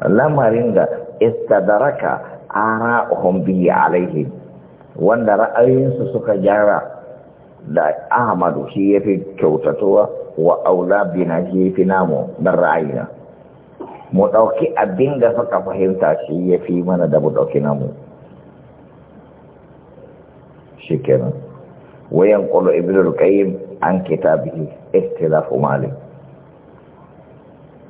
lamarin da istadaraka ara bihi alaihim wanda ra'ayinsu suka gyara da ahmadu shi ya fi kyautatowa wa aula bina shi ya fi namu don ra'ayina mu ɗauki abin da suka fahimta shi ya fi mana da mu ɗauki namu shi kenan wayan ƙwallo ibn al-qayyim an kitabihi ikhtilafu malik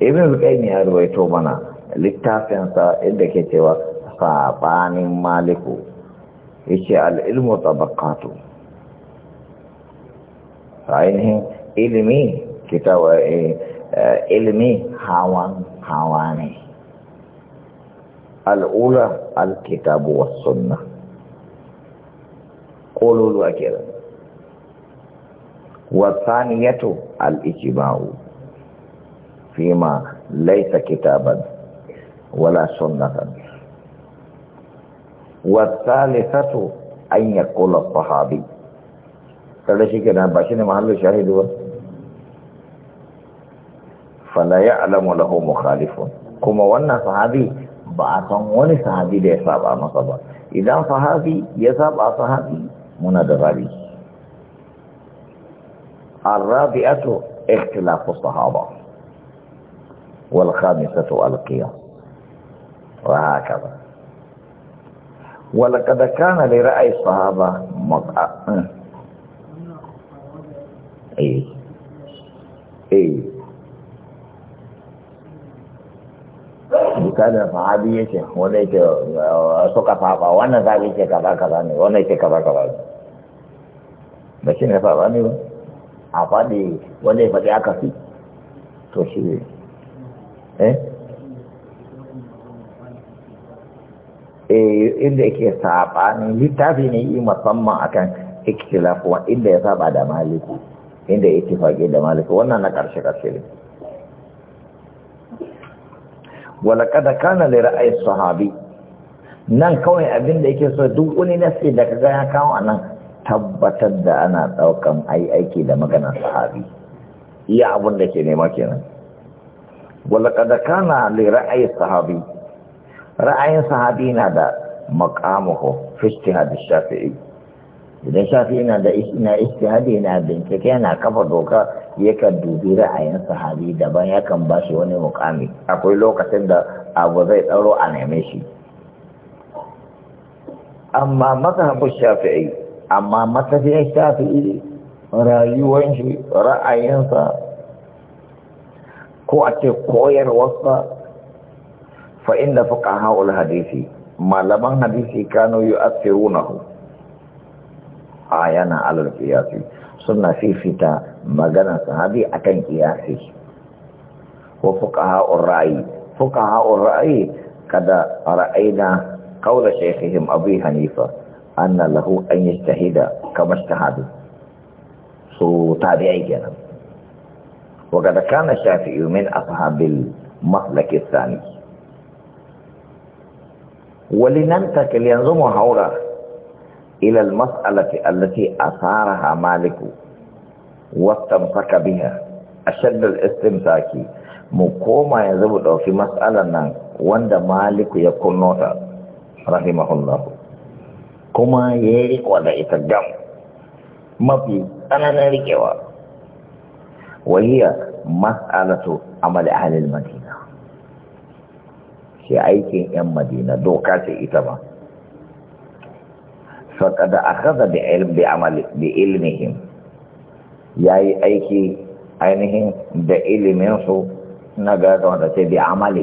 ibn qayyim ya ruwaito mana littafinsa inda ke cewa sabanin maliku yace al-ilmu tabaqatu ainihin ilimi kita wa eh, ilimi hawan hawa ne al'ula al-kitabu was sunnah kololu ake wa saniyatu al-ijma'u فيما ليس كتابا ولا سنة والثالثة أن يقول الصحابي تلاشي كده باشين محل شاهد فلا يعلم له مخالف كما وانا صحابي باعتن وني صحابي دي على مصابة إذا صحابي يصاب صحابي منا دغالي الرابعة اختلاف الصحابه والخامسة القياس وهكذا ولقد كان لرأي الصحابة مضع اي اي misalin sahabi yake wanda yake suka faɓa wannan sahabi yake kaza kaza ne wannan yake kaza kaza ne ba shi ne faɓa ne ba a faɗi wanda ya faɗi aka fi to shi ne Eh? eh inda yake ne littafi ne yi musamman akan ikhtilaf wa inda ya saba da maliku inda ya fage da maliku wannan na karshe karshe ne wala kada kana li ra'ayi sahabi nan kawai abin da yake so duk wani nasi da kaga ya kawo anan tabbatar da ana daukan ai aiki da maganar sahabi iya abin da ke nema kenan li ra'ayi sahabi ra'ayin sahabi, na da مقامه في اجتهاد shafi'i idan shafi'i, na da na istihadi na bincike yana kafa doka yakan dubi ra'ayin sahabi daban yakan ba shi wani mukami akwai lokacin da abu zai tsaro a neme shi amma mazhabin shafi'i amma matafiyar shafi'i rayuwar shi ra'ayinsa ko a ce koyarwarsa fa inda fuka haul hadisi malaman hadisi kano yi asirunahu a yana alal kiyasi suna fifita maganar sahabi akan kiyasi wa fuka haul ra'ayi fuka haul ra'ayi kada ra'ayi na kaula shekihim abu hanifa an lahu an yi shahida kamar shahadu su tabi'ai kenan وقد كان الشافعي من أصحاب المسلك الثاني ولننتقل ينظم حوله إلى المسألة التي أثارها مالك واستمسك بها أشد الاستمساك مقوما يزبط في مسألة وند مالك يكون نوتا رحمه الله كما يريق ولا يتجمع ما في أنا نريكوا وهي مسألة عمل aikin yan madina أيكين أم مدينة دوكات إتما فقد أخذ بعلم بعمل بعلمهم yayi aiki ainihin da iliminsu na gaza wanda ce bi amali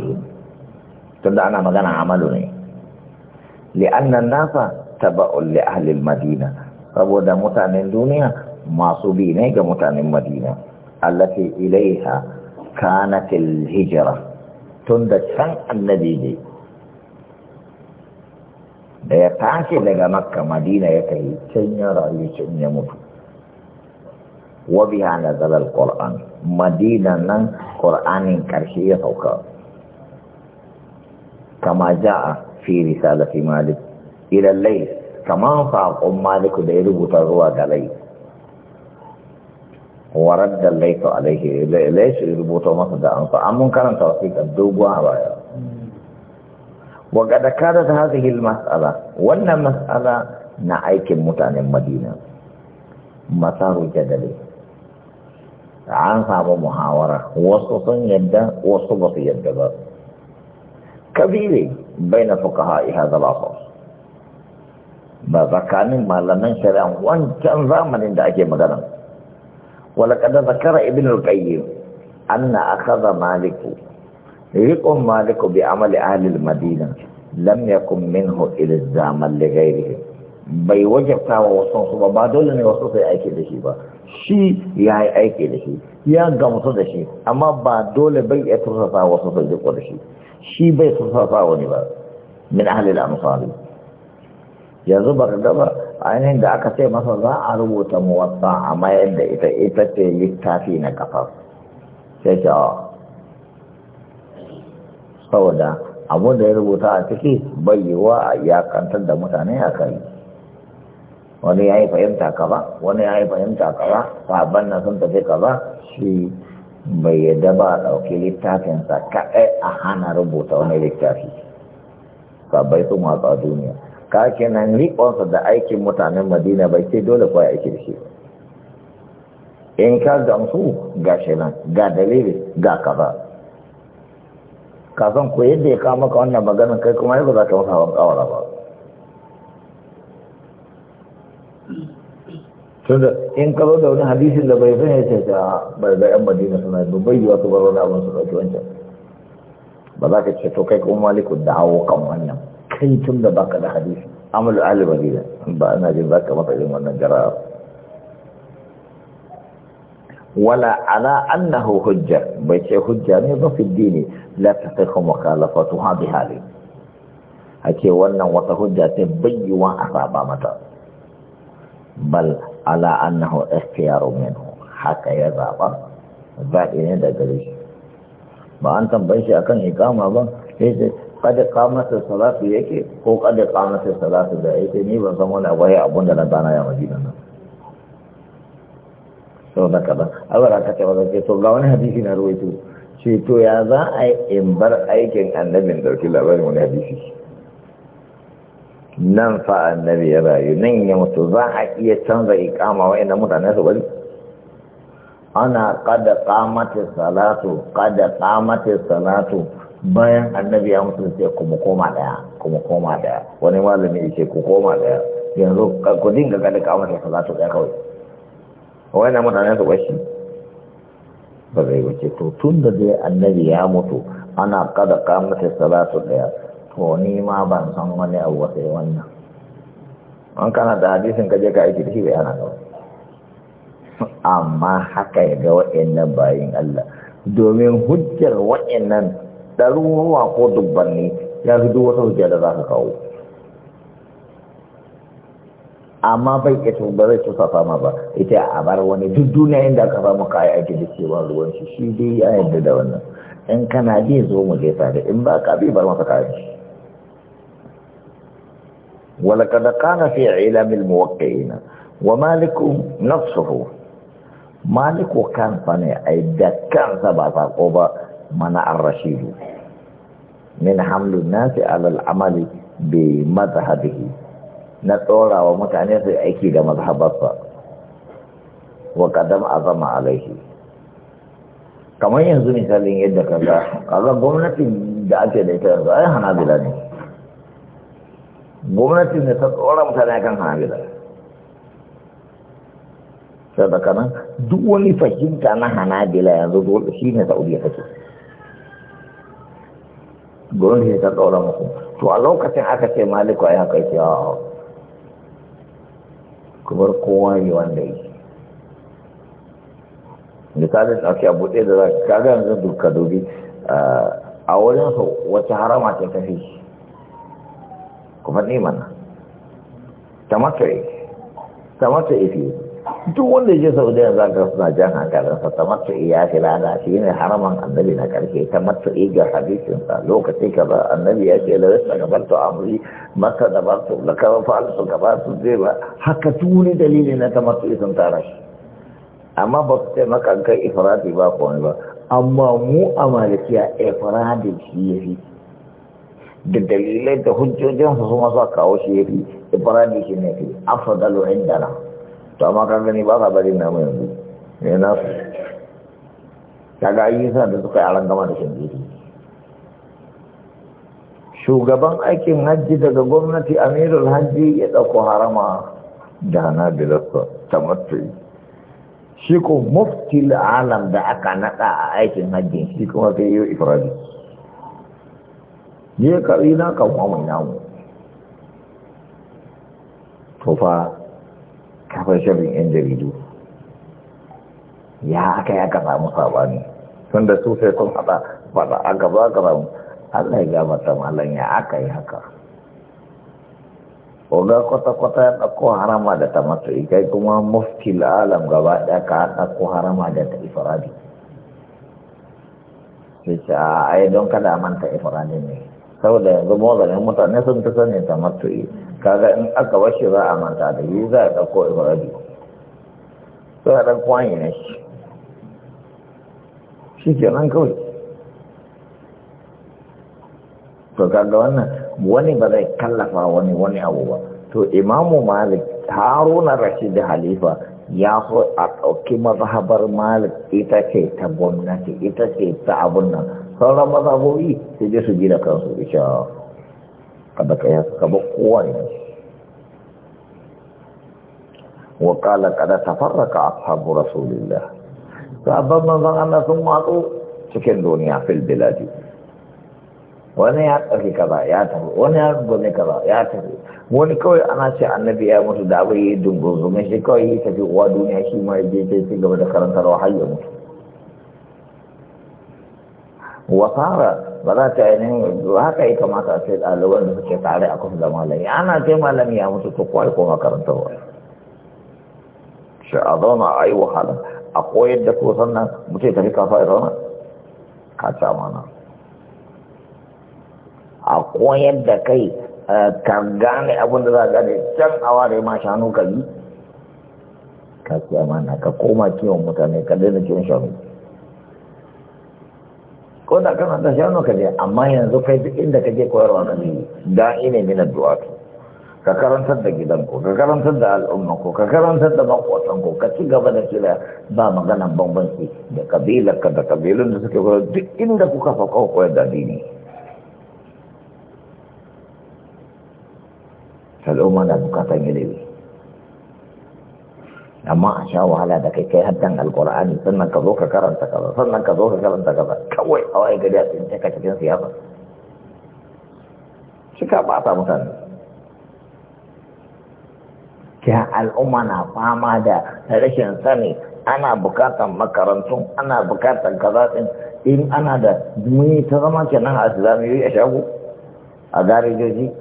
tun da ana magana amalu ne li'annan nasa taba'un li ahlil madina saboda mutanen duniya masu bi ne ga mutanen madina allati ilaiha kanat al-hijra tunda can annabi ne da ya tashi daga makka madina ya kai can ya rayu can ya mutu wa biha nazala quran madina nan qur'anin karshe ya sauka kama a fi risalati malik ila al-layl kama malik da ya rubuta zuwa ga lai. warar da laika alaihi laishi rubuta masa da an an mun karanta wasiƙa doguwa a baya wa da kada ta hil mas'ala wannan mas'ala na aikin mutanen madina masaru jadali an samu muhawara wasu sun yadda wasu ba su yadda ba kabire bai na fuka ha'i zaba ba tsakanin malaman shari'a wancan zamanin da ake magana ولقد ذكر ابن القيم أن أخذ مالك يقوم مالك بعمل أهل المدينة لم يكن منه إلزاما لغيره bai wajabta wa wasan su ba ba dole ne wasu sai aiki da shi ba shi ya yi aiki da shi ya gamsu da shi amma ba dole bai ya tursasa wasu sai da shi shi bai tursasa wani ba min ahalil amsari yanzu ba ka gaba ainihin da aka ce masa za a rubuta muwatsa a mayar da ita ita ce littafi na kafa sai cewa ah. saboda abu da ya rubuta a ciki bayyewa a iyakantar da mutane a kai wani ya yi fahimta ba wani ya yi fahimta ba sabon na sun tafi ba shi bai yadda ba a ɗauki littafinsa kaɗai a hana rubuta wani littafi sabai sun watsa duniya ka kenan riƙonsa da aikin mutanen madina bai ce dole ko ya aiki da shi in ka gamsu ga shi ga dalili ga kaza kafin ku yadda ya kama ka wannan magana kai kuma ba za ka masa hawan kawara ba tunda in ka zo da wani hadisin da bai ce ta bai da yan madina suna yi bai yiwa su bar wani abin su ɗauki wancan ba za ka ce to kai kuma malikun da hawo kan wannan kai tun da baka da hadisi amalu alibari ba ana jin baka masa irin wannan jara'a wala ala annahu hujja bai ce hujja ne ba fi dini la ta kai kuma tasihhu ha bi hali ake wannan wata hujja ta bayyuwa a saba mata bal ala annahu ikhtiyaru minhu haka ya zaba zaɓi ne da gare shi ba an tambaye shi akan ikama ba sai kada kamata salatu yake ko kada kamata salatu da yake ni ban san wani abai abun da na bana ya madina nan so da kaza Allah aka ce wannan ke to ga wani hadisi na ruwaito ce to ya za a yi in bar aikin annabin dauki labarin wani hadisi nan fa annabi ya rayu nan ya mutu za a iya canza ikama wa'ina mutane su bari ana kada kamata salatu kada kamata salatu bayan annabi ya mutu sai kuma koma daya kuma koma daya wani malami yake ku koma daya yanzu ku dinga ga da kamar da salatu daya kawai na mutane su bashi ba zai wuce to tun da dai annabi ya mutu ana kada ka da salatu daya to ni ma ban san wani abu sai wannan an kana da hadisin ka je ka aiki da shi bai ana kawai amma haka ya ga nan bayin Allah domin hujjar nan. ɗaruruwa ko dubbanni ya fi duk wata hujja da za ka kawo amma bai ita ba zai tusa fama ba ita a bar wani duk duniya inda aka samu kayi ake da cewa ruwan shi shi dai ya yadda da wannan in kana ji zo mu je tare in ba ka bi bar masa kayan shi ولقد كان في علم الموقعين ومالك نفسه مالك كان فني ba دكان سبع mana من الرشيد min hamlin nasi alal amali bi mazhabihi na tsorawa mutane su aiki da mazhabarsa wa kadam azama alaihi kamar yanzu misalin yadda kaza kaza gwamnati da ake da ita yanzu ai hanabila ne Gwamnati ne ta tsora mutane kan hanabila sadaka nan duk wani fahimta na hanabila yanzu shi ne saudiya take gwamnati ta ɗora muku to a lokacin aka ce maliku a yi haka ce a kubar kowa yi wanda yi misalin ake abu ɗaya da za ka kaga yanzu duka dubi a wurin su wacce harama ce ta fi kuma ne mana ta mata yi ta mata ifi duk wanda ya je saudiya za ka suna jan hankalinsa ta matu iya shi lada shi ne haraman annabi na karshe ta matu iya hadisinsa lokaci ka ba annabi ya ce da rasa gabar to amuri maka da ba to da kawai fa'al su gaba su zai ba haka tuni dalili na ta matu isan tara shi amma ba su taimaka kai ifradi ba komai ba amma mu a malikiya ifradi shi ya fi da dalilai da hujjojinsa su masu kawo shi ya fi ifradi shi ne fi afadalu na to amma kan gani ba sa barin namu yanzu ne na su kaga ayyuka da suka yi gama da shingiri shugaban aikin hajji daga gwamnati amirul hajji ya ɗauko harama da hana bilasta tamattu shi ko mufti alam da aka naɗa a aikin hajji shi kuma sai yi ifradi ne ka yi na kan mamun namu kafin shirin yan jaridu ya aka yi aka samu sabani tun da su sai sun haɗa faɗa a gaba gaba Allah ya mata malan ya aka yi haka oga kwata-kwata ya ɗauko harama da ta mata ikai kuma mafi la'alam gaba ɗaya ka ɗauko harama da ta ifiradi sai ce a ai don kada manta ifiradi ne saboda yanzu mawazanin mutane sun ta sani ta matu'i kaga in aka washe za a manta da yi za a ɗauko ibrahim sai a kwanye na shi shi ke nan kawai to kaga wannan wani ba zai kallafa wani wani abu ba to imamu malik haruna rashid halifa ya so a ɗauki mazhabar malik ita ce ta gwamnati ita ce ta abun nan sauran mazhabobi su je su da kansu isha kada ka yi ka ba kowa ne wa kala kada tafarraka ashabu rasulillah sabon manzon Allah sun watsu cikin duniya fil biladi wani ya tafi kaza ya tafi wani ya gome kaza ya tafi wani kawai ana ce annabi ya mutu da abu yi dungunzumin shi kawai yi tafi uwa duniya shi ma yake ce ci gaba da karantarwa har ya mutu wasara ba za ta ainihin haka ya kamata a sai ɗaliban da suke tare a kusa da malami ana ce malami ya mutu to kwai ko makaranta ba shi a zauna a yi wahala a koyar da ko sannan mutum tafi kafa ya zauna kaca mana a koyar da kai ka gane abin da za a gane can a ware ma shanu ka yi kaciya mana ka koma kiwon mutane ka daina kiwon shanu ko da kana da shanu ka je amma yanzu kai duk inda kake koyarwa ka ne da'i ne min addu'a ka karantar da gidanku ka karantar da ko ka karantar da makwatanku ka ci gaba da kira ba maganan bambanci da kabilarka da kabilun da suke koyar duk inda kuka ko koyar da dini al'umma na bukatan ilimi amma a sha wahala da kai kai haddan alkur'ani sannan ka zo ka karanta kaza sannan ka zo ka karanta kaza kawai a wai gari a tsince ka cikin siyasa ba ta mutane ta al'umma na fama da rashin sani ana bukatan makarantun ana bukatan kaza din in ana da mun ta zama kenan a islamiyoyi a shago a garejoji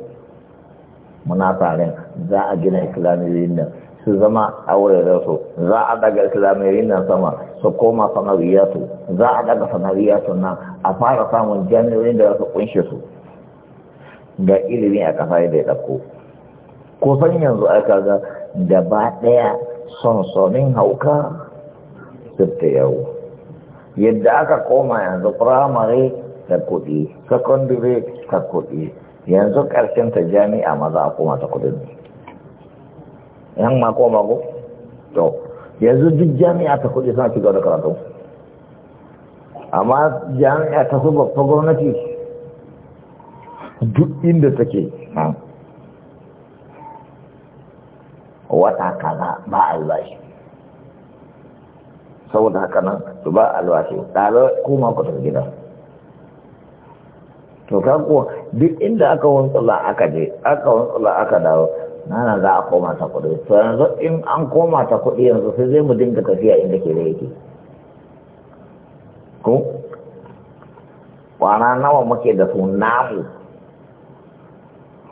muna tare za a gina islamiyoyin nan su zama a wurarensu za a daga islamiyyar nan sama su koma sanariyatu za a daga sanariyatu nan a fara samun jami'oyin da su kunshi su ga ilimi a kasa yadda ya ɗauko kusan yanzu aka ga gaba ɗaya sonsonin hauka sifta yau yadda aka koma yanzu firamare ta kuɗi secondary ta kuɗi yanzu ƙarshen ta jami'a maza a koma ta kuɗi yan mako mako to yanzu duk jami'a ta kudi suna ci da karatu amma jami'a ta su babban gwamnati duk inda take wata kaza ba albashi saboda haka nan su ba albashi ɗalar kuma ku ta gida to kan kuwa duk inda aka wantsula aka je aka wantsula aka dawo nana za a koma ta kuɗi to yanzu in an koma ta kuɗi yanzu sai zai mu dinga tafiya inda ke da yake ko kwana nawa muke da su namu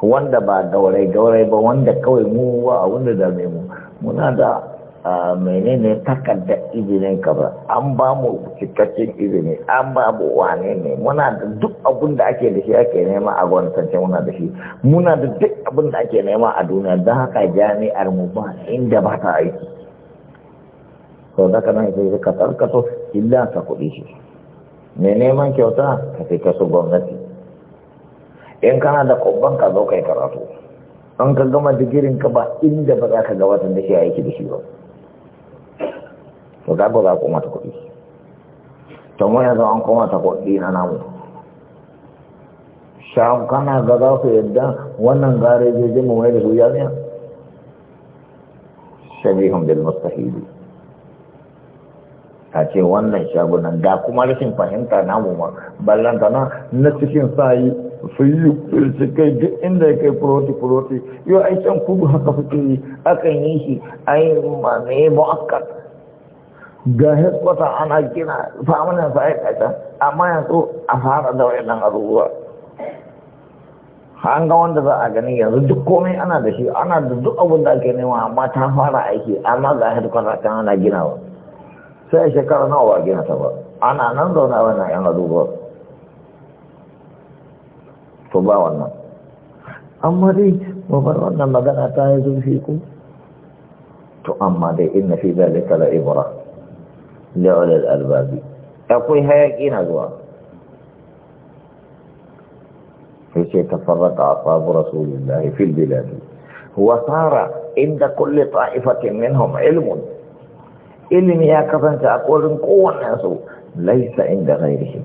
wanda ba daurai daurai ba wanda kawai mu wa wanda da mu muna da a ah, menene takarda izinin ka ba an ba mu cikakken izini an ba mu wane ne muna da duk abin da ake da shi ake nema a gwamnatance muna da shi muna da duk abin da ake nema a duniya da haka jami'ar mu ba inda ba ta aiki to da kana sai ka tarkato illa ka kuɗi shi Me neman kyauta ka sai ka su gwamnati in kana da kubban ka zo kai karatu an ka gama digirin ka ba inda ba za ka ga watan da shi aiki da shi ba to ga ba za a mata kuɗi to mun yanzu an koma ta kuɗi na namu sham kana ga za su yadda wannan garejeji mu mai da su jami'a shabihun bil mustahili a ce wannan shagunan da kuma rashin fahimta namu ma ballanta na na cikin sayi su yi su kai duk inda kai furoti-furoti yau aikin kudu haka suke yi akan yi shi ai ma ne mu'akkata ga heskwata ana gina famunan sa ta amma yanzu a fara da wani wayannan abubuwa an ga wanda za a gani yanzu duk komai ana da shi ana da duk abin da ake nema amma ta fara aiki amma ga heskwata ta ana ginawa sai shekara nawa ba gina ta ba ana nan zauna wani yan abubuwa to ba wannan amma dai babar wannan magana ta yi zurfi ko to amma dai inna fi zalika la ibra da ulul albabi akwai hayaki na zuwa yace tafarraqa ashabu rasulillahi fil bilad wa inda kulle ta'ifatin minhum ilmun ilmi ya kasance a korin kowannen su laisa inda ghairihi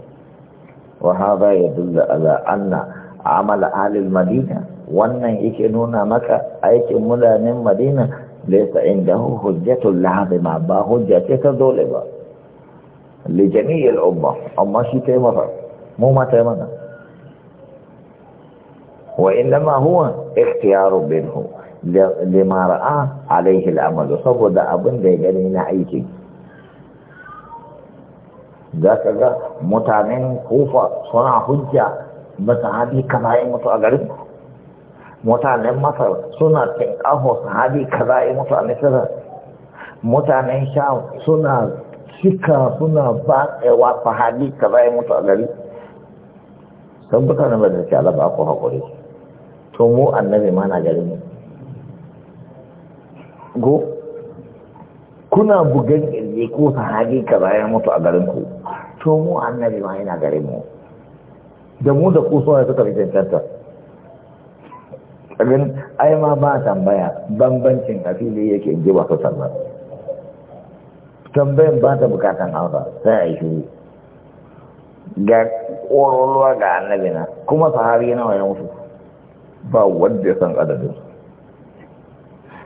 wa hadha yadullu ala anna amal ahli madina wannan yake nuna maka aikin mulanin madina laisa hujjatun hujjatul ma ba hujjace ta dole ba lijamiyar umma amma shi ta yi masa mu ma ta yi mana wa inama huwa ikhtiyarun minhu ma ra'a alaihi al'amalu saboda abin da ya gani na aiki da ka mutanen kufa suna hujja ba sahabi kaza ya mutu a garin mutanen masar suna tinkaho sahabi kaza ya mutu a misira mutanen Sha suna cika suna batsewa fahadi ka za mutu a gari don mutane ba da kyala ba ku haƙuri to mu annabi ma na gari ne go kuna bugan irje ko fahadi ka za mutu a garin ku to mu annabi ma yana gari mu da mu da ku suna suka fi cancanta abin ai ma ba tambaya bambancin a fili yake ji ba su sallar tambayin ba ta bukatan hausa sai a yi shiru. ga ƙororwa ga annabi na kuma sahabi nawa ya mutu ba wanda ya san adadin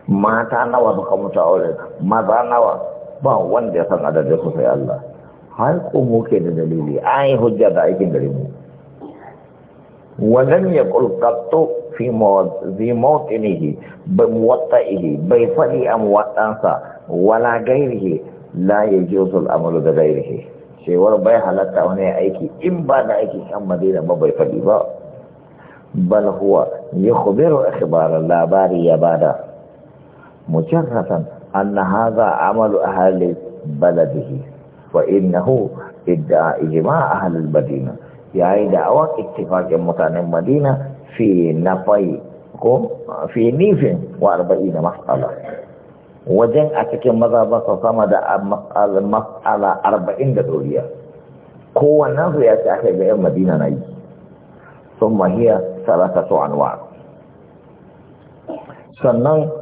mata nawa suka mutu a wurin maza nawa ba wanda ya san adadin su sai Allah har kuma ke da dalili an yi hujja da aikin gare mu walam yaqul qattu fi mawtinihi bi muwatta'ihi bai fadi a muwattansa wala gairihi la yajuzu al-amalu da ghairihi cewar bai halatta wani aiki in ba da aiki kan madina ba bai faɗi ba bal huwa yukhbiru ikhbaran labari ya bada mujarradan na hadha amalu ahli baladihi wa innahu idda ijma' ahli al-madina yayi da'awa ittifaqin mutanen madina fi nafai ko fi nifin wa 40 mas'ala wajen a cikin maza ba su sama da mas'ala arba'in da doriya kowannan su ya ce aka ga yan madina na yi sun mahiya sarata su anwa sannan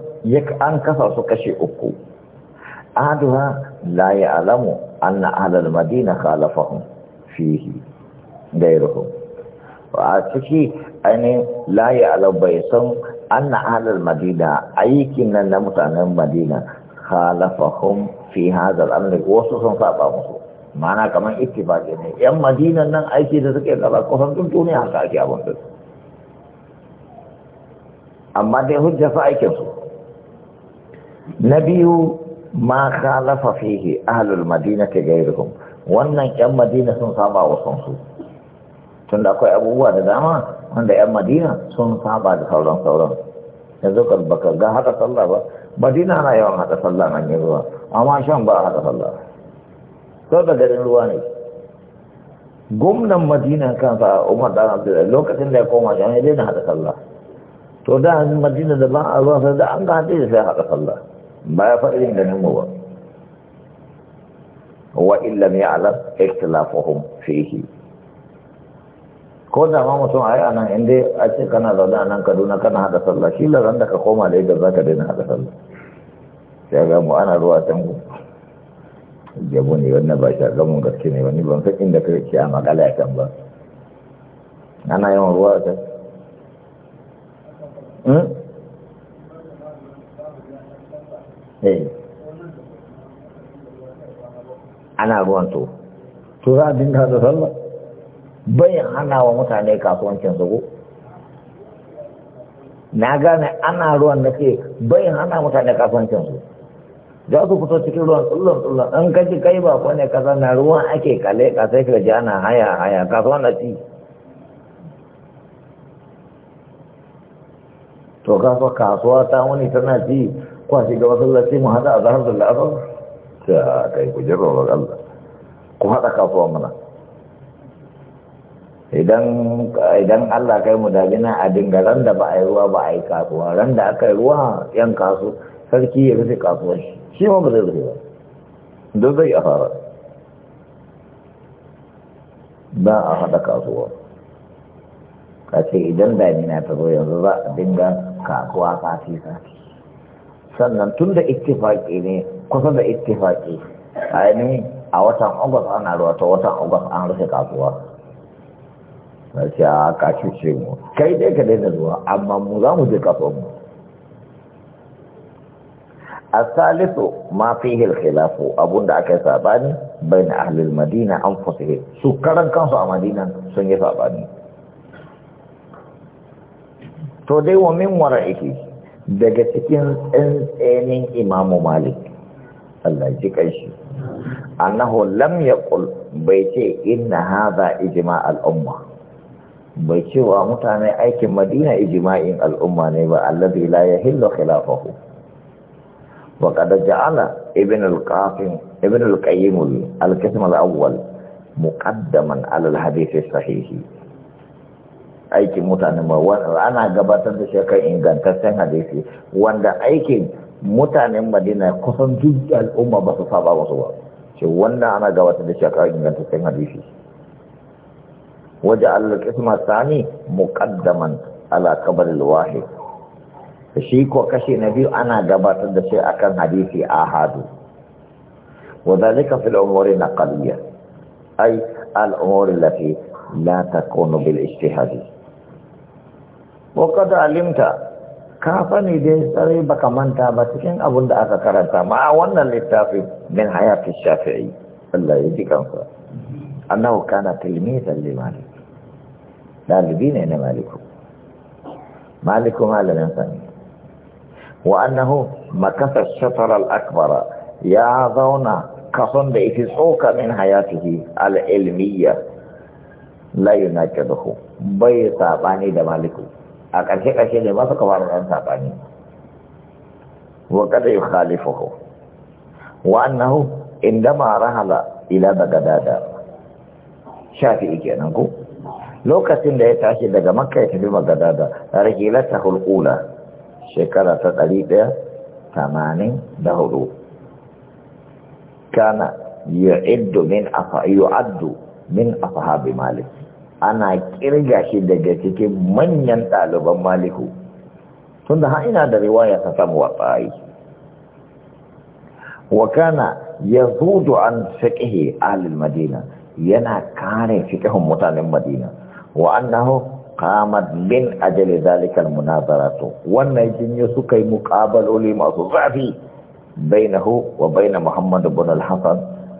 an kasa su kashe uku aduha la ya alamu na ahlal madina khalafahum fihi gairuhum a ciki ainihin layi alam bai san na ahlal madina aikin nan na mutanen madina halafahun fi hazar an da wasu sun saba musu mana kamar ba ne yan madinan nan aiki da suke gaba kusan tun duniya haka ake abin da amma dai hujja fa aikin su na biyu ma khalafa fihi madina ke ghayruhum wannan yan madina sun saba wasu sun su tunda akwai abubuwa da dama wanda 'yan madina sun saba da sauran sauran yanzu kan baka ga haka sallah ba madina na yawan haka sallah nan ya ruwa amma shan ba haka sallah sau da garin ruwa ne gumnan madina kansa umar dan abdullahi lokacin da ya koma shan ya daina haka sallah to da madina da ba a ruwa sai da an ga hadisi sai haka sallah ba ya faɗi ganin mu ba wa illam ya'lam ikhtilafuhum fihi ko da ma mutum ai anan in dai a ce kana zaune a nan kaduna kana hada sallah shi laran da ka koma da yadda za ka daina hada sallah sai ga mu ana ruwa can ku jabo ne wannan ba shi ga mun gaske ne wani ban san inda kai ke a magana kan ba ana yawan ruwa ta hmm eh ana ruwan to to za a dinga hada sallah bai hana wa mutane kasuwancin su na gane ana ruwan da ke bai hana mutane kasuwancin su za su fito cikin ruwan tsullon tsullon an kaji kai ba ko ne kasa na ruwan ake kale ka sai ka ji ana haya haya kasuwan na ci to kasuwa kasuwa ta wani tana ci kwashi ga masallaci mu hada a zahar da la'asar ta kai ku jirgin Allah ku haɗa kasuwa mana idan idan Allah kai mu damina a dingaran da ba a yi ruwa ba a yi kasuwa ran da aka yi ruwa yan kasu sarki ya rufe kasuwa shi ma ba zai rufe ba don zai a fara ba a haɗa kasuwa ka ce idan damina ta zo yanzu za a dinga kasuwa sati sati sannan tun da ittifaƙi ne kusa da ittifaƙi a a watan agus ana ruwa ta watan agus an rufe kasuwa na ce a ka cuce mu kai dai ka daina zuwa amma mu za mu je kafin mu bai na فيه madina an دعك ساباني بين أهل a madina sun yi سوى To dai wa min wara iki? daga cikin tsantsenin imamu malik Allah ji shi annahu lam yaqul bai ce inna hadha ijma al umma bai cewa mutane aikin madina ijma'in al'umma ne ba alladhi la yahillu khilafahu wa kada ja'ala ibn al-qasim ibn al-qayyim al-qism al-awwal muqaddaman 'ala al-hadith as-sahih aikin mutane ba ana gabatar da shekar ingantaccen hadisi wanda aikin mutanen madina kusan duk al'umma ba su saba ba su ba ce wannan ana gabatar da shekar ingantaccen hadisi waje القسم الثاني مقدما muƙaddaman قبر الواحد shi ko kashe na biyu ana gabatar da shi akan hadisi ahadu wadalika fil umuri naqaliyya ay al umuri lati la takunu bil ijtihadi ko qad alimta ka fani dai sarai baka manta ba cikin abin da aka karanta ma wannan littafi min hayati shafi'i Allah ya ji kansa annahu kana tilmizan limalik ɗalibi ne na maliku maliku malamin sani wa makasar shatarar akbara ya zauna kason da yake tsoka min hayatihi al'ilmiyya la yunaqidahu bai sabani da maliku a ƙarshe ƙarshe ne masu kamar ɗan sabani wa kada yukhalifuhu wa annahu indama rahala ila bagadada shafi'i kenan ku. lokacin da ya tashi daga makka ya tafi magada da rahilata hulkula shekara ta ɗari ɗaya tamanin da hudu kana yu'addu min afa yu'addu min afahabi malik ana kirga shi daga cikin manyan ɗaliban maliku tun da ina da riwaya ta samu wasa'i wa kana yazudu an fiqhi ahli madina yana kare fiqhin mutanen madina wa annahu qamat min ajli zalika to, wannan jinya suka yi muqabaloli masu zafi bainahu wa bain Muhammad ibn al-Hasan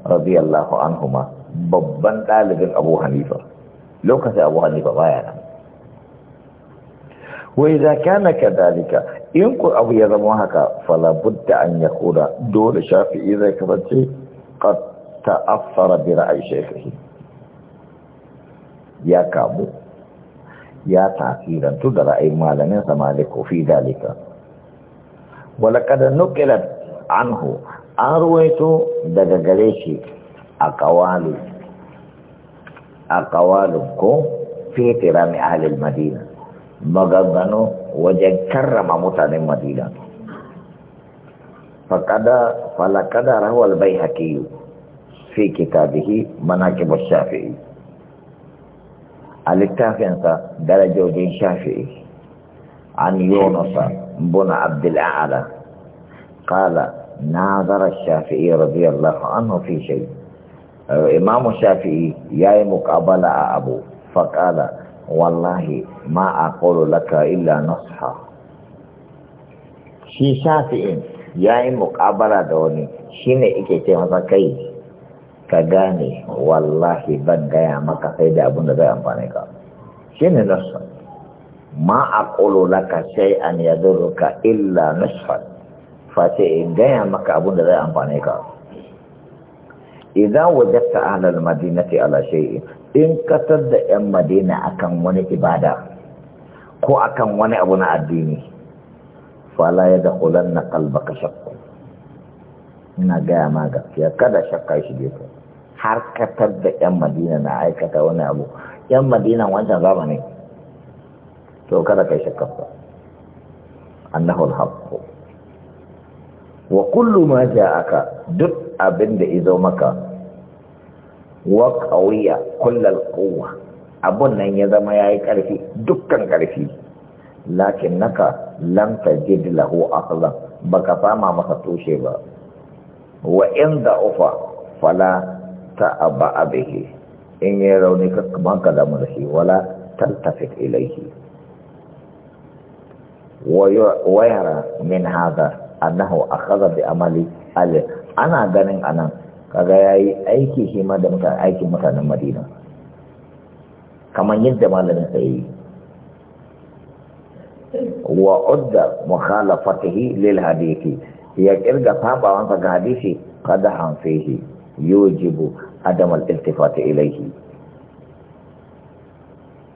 radiyallahu anhuma babban ɗalibin Abu Hanifa lokacin Abu Hanifa Wai wa idza kana kadhalika in ku abu ya zama haka falabudda an ya kura dole shafi'i zai kamar ce ƙar ta'affara bi ra'ayi shekaru ya kamu ya tasirantu da ra'ayin malamin sa maliku fi dalika laqad nuqilat anhu an daga gare shi a kawalu ko fi tirami al madina maganganu wajen karrama mutanen madina falakada rahu bai bayhaqi fi kitabihi manaqib al shafii a درجه بن شافعي عن يونس بن عبد الأعلى قال ناظر الشافعي رضي الله عنه في شيء إمام الشافعي يا مقابل أبو فقال والله ما أقول لك إلا نصحا شي شافعي يا مقابل دوني شنو wani هذا كي ka gane wallahi ban gaya maka sai da abin da zai amfani ka shi ne nasa ma a ka sai an ka illa nasa face in gaya maka abin da zai amfani ka idan wajatta ahalar madinati ala shay'in in katar da yan madina akan wani ibada ko akan wani abu na addini fala ya ƙulan na kalbaka shakku ina gaya ma gaskiya kada shakka shi gefe har da 'yan madina na aikata wani abu 'yan madina wancan zamani to kada kai shakka ba annahu al wa kullu ma ja'aka duk abin da izo maka wa qawiya kullal quwwa abun nan ya zama yayi karfi dukkan karfi lakinnaka lam tajid lahu akhla baka fama maka tushe ba wa in fala ta'aba bihi in ya rauni ka kaman ka damu shi wala taltafit ilaihi wayara yara min hadha annahu akhadha bi amali al ana ganin anan kaga yayi aiki shi ma da mutane aikin mutanen Madina kaman yadda malamin sai yi wa udda mukhalafatihi lil hadithi ya kirga sabawansa ga hadisi kada shi. يوجب عدم الالتفات إليه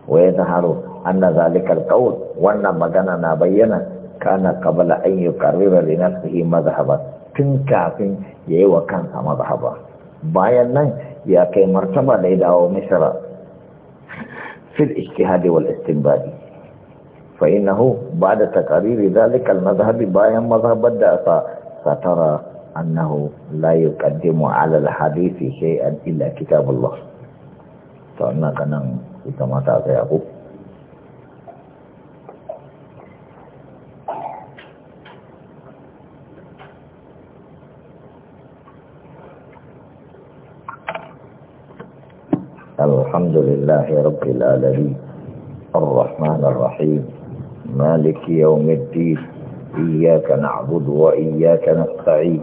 ويظهر أن ذلك القول وأن مدننا بينا كان قبل أن يقرر لنفسه مذهبا تنكافٍ يأيو كان مذهبا باينا يا كي مرتبة ليداو مصر في الاجتهاد والاستنباد فإنه بعد تقرير ذلك المذهب باين مذهب الدأسة سترى أنه لا يقدم على الحديث شيئا إلا كتاب الله فأنا كان كما تعطيه الحمد لله رب العالمين الرحمن الرحيم مالك يوم الدين إياك نعبد وإياك نستعين